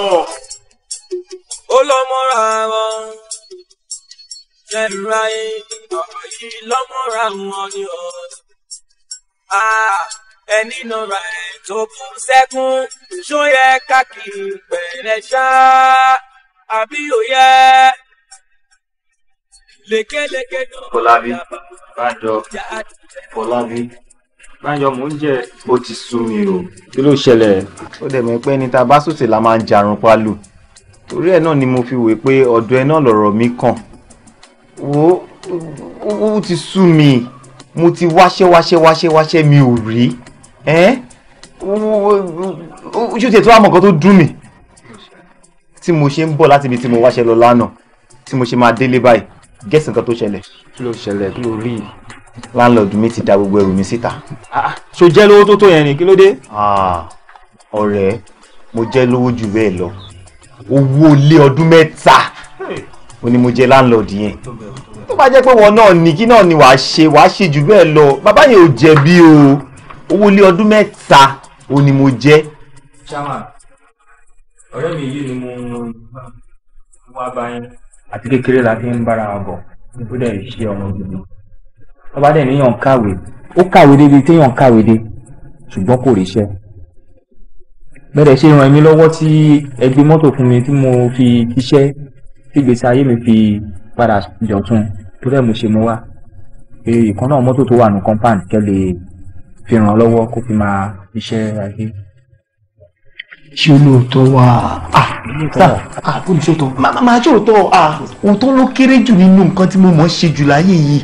ó lọ mọ́ra wọn lẹ́rù ayé ọ̀rọ̀ yìí lọ́mọ́ra wọn ni ọ̀ ẹni nọra ẹ̀ tó kú sẹ́kún ṣó yẹ káàkiri pẹ̀lẹ́ ṣá àbí ò yẹ lékeléke náà. Fọlábí Rájọ Fọlábí báyọ̀ mò ń jẹ́ o ti sú mi o kí ló ṣẹlẹ̀. ó dẹ̀ mọ̀ pé ẹni tá bá sòtè la máa ń jarun pálù torí ẹ̀ náà ni mo fi wèé pé ọ̀dọ̀ ẹ náà lọ̀rọ̀ mi kàn wo ó ti sú mi mo ti wáṣẹ́ wáṣẹ́ wáṣẹ́ wáṣẹ́ mi ò rí ẹ́ ojú tiẹ̀ tó wà mọ̀ nǹkan tó dùn mí tí mo ṣe ń bọ̀ láti ibi tí mo wáṣẹ́ lọ lánàá tí mo ṣe máa délé báyìí gẹ̀ẹ́sì nǹkan tó ṣẹlẹ̀. kí ló ṣẹlẹ̀ kí ló rí i láńlọ́ọ̀dù mi ti da gbogbo ẹrù mi síta. Ah, ah. so jẹ́ lówó tó tó yẹn ni kí ló dé. Ah, ọ̀rẹ́ mo jẹ́ lówó jù bẹ́ẹ̀ lọ owó lé ọdún mẹ́ta ó ní mo jẹ́ láńlọ́ọ̀dù yẹn tó bá jẹ́ pé wọn náà ní kí náà ni wàá ṣe wàá ṣe jù bẹ́ẹ̀ lọ bàbá yẹn ò jẹ̀bi o owó lé ọdún mẹ́ta ó ní mo jẹ́. chairman ọ̀rẹ́ mi yìí ni mo wá bá yín àti kékeré la fi ń bára wa bọ̀ ó dẹ̀ ṣe ọmọ gidi ọba dẹ̀ níyàn kàwé ó kàwé débi téèyàn kàwé dé ṣùgbọ́n kò ríṣẹ́ bẹ́ẹ̀ ṣe ràn mí lọ́wọ́ tí ẹ gbé mọ́tò fún mi tí mo fi ṣiṣẹ́ tí gbèsè ayé mi fi padà jọ̀tún tó dẹ̀ mo ṣe mo wá pé ìkan náà mọ́tò tó wà ní compound kẹ́lẹ̀ fi ràn lọ́wọ́ kó fi máa iṣẹ́ ayé. ṣé olóòótọ́ wà á olùṣòótọ́ máa ṣòótọ́ à òótọ́ ló kéré jù nínú nǹkan tí mo mọ̀ ṣe jù láyé yìí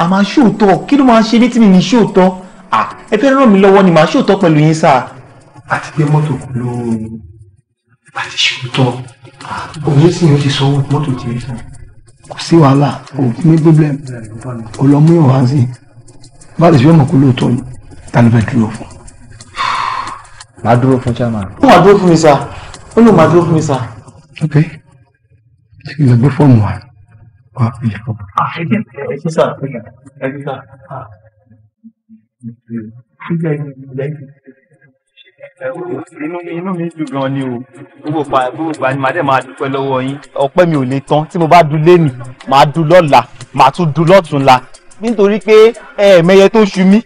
a máa ṣòótọ́ kí ló máa ṣe ní tí mi ní ṣòótọ́ à ẹ fẹ́ ràn mí lọ́wọ́ ni màá ṣòótọ́ pẹ̀lú yín sáà. àti pé mọ́tò kò ló àti ṣòótọ́ òun sì ń ti sanwó mọ́tò ti rí fún kò sí wàhálà kò ní problem kò lọ mú ìwà sí bá a lè fi ọmọ kó lóòótọ́ ni ta ló fẹ́ dúró fún. màá dúró fún chairman. ó máa dúró fún mi sá ó ló máa dúró fún mi sá. ok ṣe ìgbàgbé fọ́ọ̀mù wa wà á fi fún. Ẹ̀sìn sà ẹ̀sìn sà inú mi dùn gan ni o gbogbo pa gbogbo pa ni màá dẹ̀ máa dúpẹ́ lọ́wọ́ yín. ọpẹ́ mi ò lè tán tí mo bá dun lẹ́nì màá dun lọ́la màá tún dun lọ́tùnla nítorí pé ẹ̀ẹ̀mẹyẹ tó ṣu mí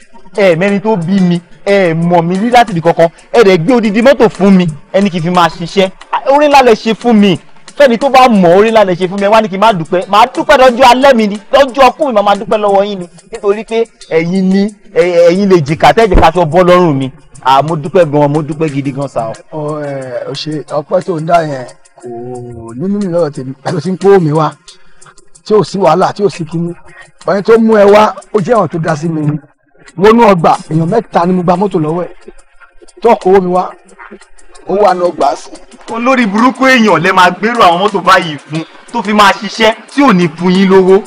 ẹ̀ẹ̀mẹni tó bí mi ẹ̀ẹ̀mọ̀ mi rí láti ibì kankan ẹ̀ẹ̀dẹ̀ gbé odidi mọ́tò fún mi ẹni kì í fi máa ṣiṣẹ́ orí ńlá lẹ ṣe fún mi fẹ́ni tó bá mọ̀ orí lánàá ṣe fún mi ẹ wá ní kí n má dúpẹ́ màá dúpẹ́ lọ́jọ́ alẹ́ mi ni lọ́jọ́ ọkùn mi màá má dúpẹ́ lọ́wọ́ yín ni nítorí pé ẹ̀yin ni ẹ̀yin lè jìkà tẹ́jẹ̀ ká sọ bọ́ lọ́rùn mi mo dúpẹ́ gan mo dúpẹ́ gidi gan sa o. ọ̀ṣẹ́ ọpẹ́ tó ń dá yẹn kò ní mímì lọ́rọ̀ tèmi tó ti ń kó mi wá tí ò sí wàhálà tí ò sí kíní ọ̀yẹ́ tó mú ẹ wá ó jẹ́ ọ̀n tó dá sí ó wà náà gbà sí. olórí burúkú èèyàn lè máa gbèrú àwọn mọ́tò báyìí fún tó fi máa ṣiṣẹ́ tí ò ní fún yín lówó.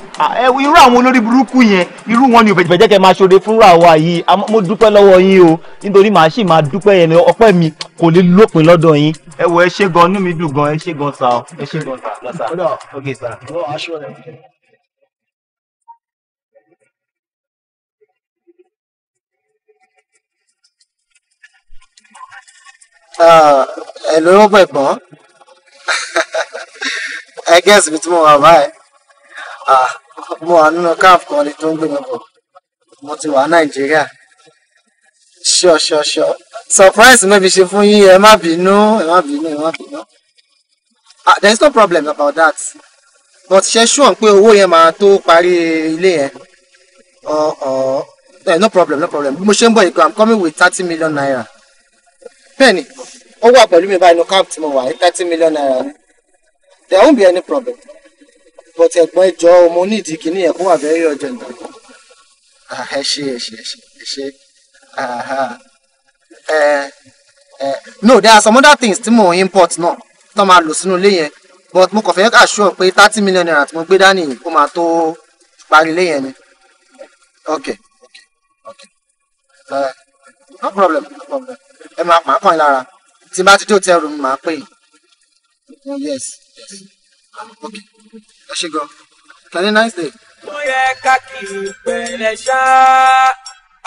irú àwọn olórí burúkú yẹn irú wọn ni ò bẹ̀jẹ̀ kẹ́ máa ṣoore fúnra wa yìí mo dúpẹ́ lọ́wọ́ yín o nítorí màá sì máa dúpẹ́ yẹn ọpẹ́ mi kò lè lópin lọ́dọ̀ yín. ẹ wo ẹ ṣé gan inú mi dùn gan ẹ ṣé gan sa ọ ẹ ṣé gan sa. ok sa. Ah, ẹ lóró bọ̀ ẹ̀gbọ́n ẹ gẹ́sì bí tí mo wà báyìí ah, mo wà nínú caf kan lè tó ń gbé mi bọ̀ sure sure sure surprise maybe fi ṣe fún yín ẹ má bínú ẹ má bínú ẹ má bínú ah there is no problem about that but she ṣùwọ̀n pé owó yẹn máa tó parí ilé yẹn ọ̀ọ́ no problem no problem I'm coming with 30 million naira bẹ́ẹ̀ni ó wà pẹ̀lú mi báyìí ní káàpù tí mo wà ní thirty million naira ni there won't be any problem but ẹ̀gbọ́n ẹjọ́ mo ní ìdí kìíní ẹ̀kọ́ wà very urgent ẹ ṣe ẹ ṣe ẹ ṣe ẹ ẹ no there are some other things tí mo import náà tó máa lò sínú ilé yẹn but mo kàn fẹ́ assure pé thirty million naira tí mo gbé dání yìí kó máa tó parí ilé yẹn ni okay okay okay uh, no problem no problem ẹ máa pàá kàn lára tí bá ti tó tẹ ẹrù mi máa pè yín. yes oh, yes ok ẹ ṣe gan kẹ́ni nice day. ó yẹ káàkiri pẹ̀lẹ́ ṣá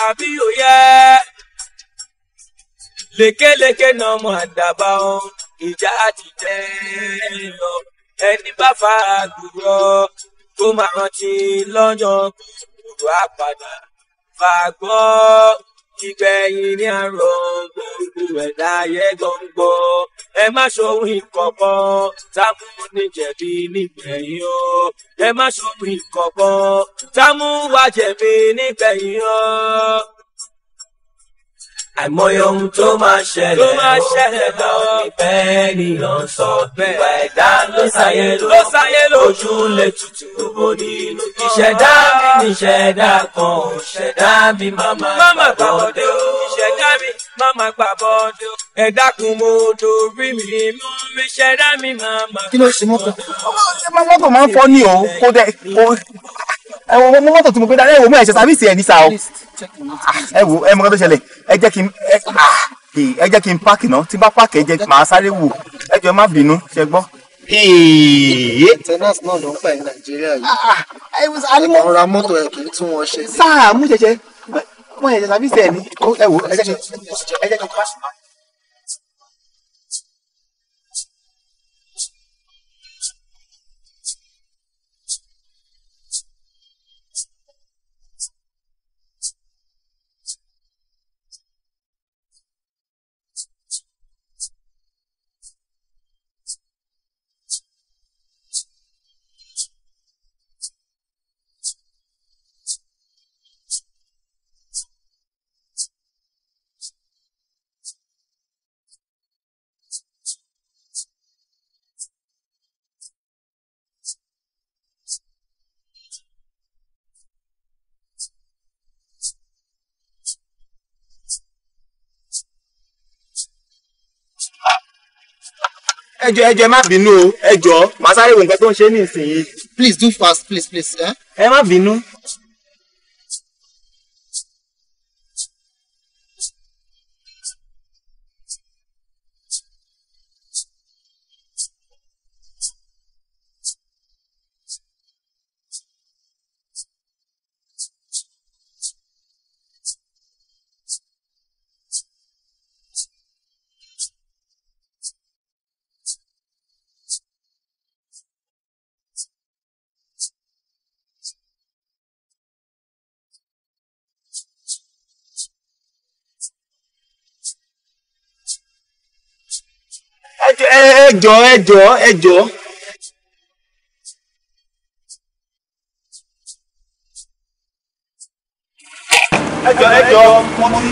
àbí ó lékeleke náà mọ àdàbà ọ ìjà ti jẹ lọ ẹni bá fa àgùrọ tó máa rántí lọ́jọ́ kòkòrò àpàdà fàgbọ́ ìgbẹ̀yìn ni a rọ gbogbo ẹ̀dá ayé gbọ̀ngbọ̀ ẹ má ṣòwò ìkọ̀kọ̀ támú níjẹ̀bi nígbẹ̀yìn o ẹ má ṣòwò ìkọ̀kọ̀ támú wá jẹ̀bi nígbẹ̀yìn o àìmọye ohun tó máa ṣẹlẹ̀ tó máa ṣẹlẹ̀ lọ níbẹ̀ nìyàn sọ ìwà ẹ̀dá ló ṣàyẹ ló ṣàyẹ lójú lè tutù gbogbo nínú. ìṣẹ̀dá mi ni ìṣẹ̀dá kan ò ṣẹ̀dá mi máma gbà bọ́dé o. ìṣẹ̀dá mi máma gbà bọ́dé o. ẹ dákun mo dorí mi mú mi ṣẹ̀dá mi máma. kí ló ṣe mọ́tò. ọmọ ọmọ ọkọ̀ máa ń fọ́ ní o kó dẹ́ kó ẹ wo mo mọ́tò tí mo gbé dání ẹ wo mo ẹ̀ṣẹ̀ sábìsì ẹ̀ ní sa o ẹ wo ẹ mọ kí n tó ṣẹlẹ̀ ẹ jẹ́ kí n ẹ ah, jẹ́ kí n páàkì náà tí bá páàkì ẹ jẹ́ màá sáré wò ẹ jọ ẹ má bínú ṣe gbọ́. tenants náà ló ń pẹ̀ ní nàìjíríà yìí ah, ah, àwọn ra mọ́tò ẹ̀ kì í tún wọn ṣe. sáà mú ṣẹṣẹ mo ẹ̀ṣẹ̀ sábìsì ẹ̀ ní ẹ wo ẹ jẹ́ kí n ẹjọ ẹjọ má bínú o ẹjọ màá sáré wo nǹkan tó ń ṣe ní please do fast please please. Eh? ẹ má bínú. ẹjọ́ ẹjọ́ ẹjọ́. ẹjọ́ ẹjọ́ mo ti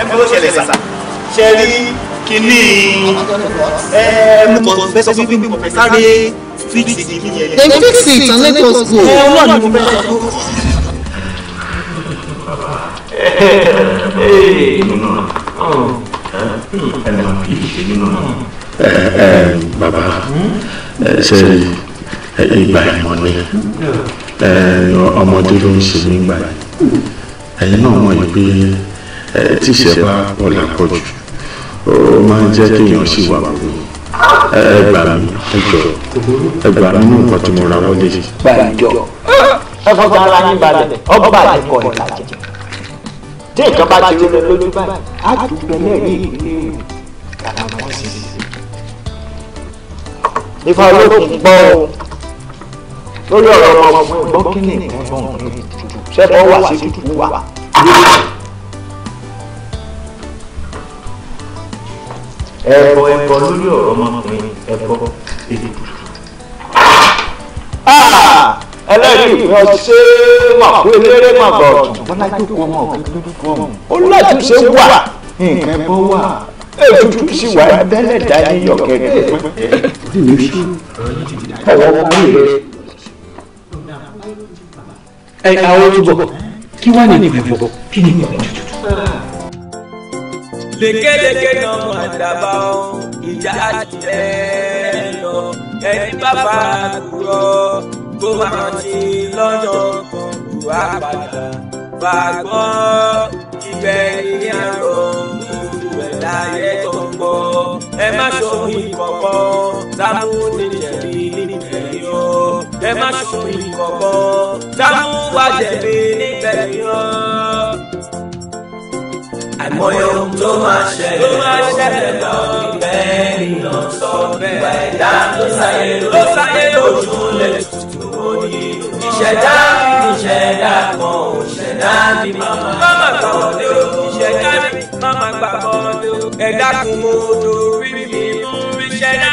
ẹ bí ó ṣẹlẹ̀ sà ṣe rí kínní ẹ mú kọ fẹsọ bí mo fẹ́ sáré fíìsì kínní ẹ. they fix it and let us go. ẹ wọ́n ní mo fẹ́ sọ fún. Hey, no, no, no. Oh ẹnu àbí èmi náà. bàbá ṣe ìgbà ìmọ̀ ni ọmọdé ló ń ṣe nígbà yìí ẹ̀yin náà mọ̀ yìí pé tíṣẹ́ bá pọ̀ lápọ̀jù ó máa ń jẹ́ kéèyàn sì wà wọ́n ẹgbà mi ẹjọ ẹgbà mi ní nǹkan tí mo ra wọlé. gbàjọ ẹ fọkàn ara yín balẹ̀ ọba àdìkọ̀ ìlàjẹ tí nǹkan bá ti rẹ lójú báyìí á tún gbẹlẹ rí ìpínlẹ̀ yàrá wọn sí i. ifá olókùn gbọ́ lórí ọ̀rọ̀ ọmọ gbọ́ kí ni nǹkan gbọ́ nǹkan tutù ṣẹ́fọ́ wà sí tutù wà. ẹ̀bọ ẹ̀bọ lórí ọ̀rọ̀ ọmọkùnrin ẹ̀bọ èdè tutù ẹlẹ́rìí ìfẹ́ ṣé màkú eléré màgbà ọ̀tún. bọ́lá dúkú ọmọ òkè dúkú ọmọ. ó láti ṣe wà nǹkan ẹbọ wà ètùtù sì wà abẹ́lẹ̀ dání yọkẹ̀rẹ̀. ọwọ́ ọmọ mi rẹ. ẹ àwọn olùbọ kí wàá ní ìbẹ̀bẹ̀ bọ kí ni ìbẹ̀bẹ̀ tuntun. lékeleke náà mọ àdàbà ọ ìjà àti ẹ lọ ẹni bàbá àgùrọ tó máa rántí lọ́jọ́ kan wá padà bá a gbọ́ ibẹ̀ ní àárọ̀ lùlù ẹ̀ láyé tó ń bọ̀ ẹ má ṣòwò ìkọ̀kọ̀ láàmú níjẹ̀bi níbẹ̀ yọ ẹ má ṣòwò ìkọ̀kọ̀ láàmú wájẹ̀bi níbẹ̀ yọ àìmọye ohun tó máa ṣẹlẹ̀ ló máa ṣẹlẹ̀ lọ bẹ́ẹ̀ ni lọ sọ bẹ́ẹ̀ dá ló sáyé lójú lẹ̀ ni ìṣẹ̀dá ìṣẹ̀dá kan ò ṣẹ̀dá bí màmá gbà wọlé o ìṣẹ̀dá bí màmá gbà wọlé o ẹ̀dá kun mo dorí mi mú ìṣẹ̀dá.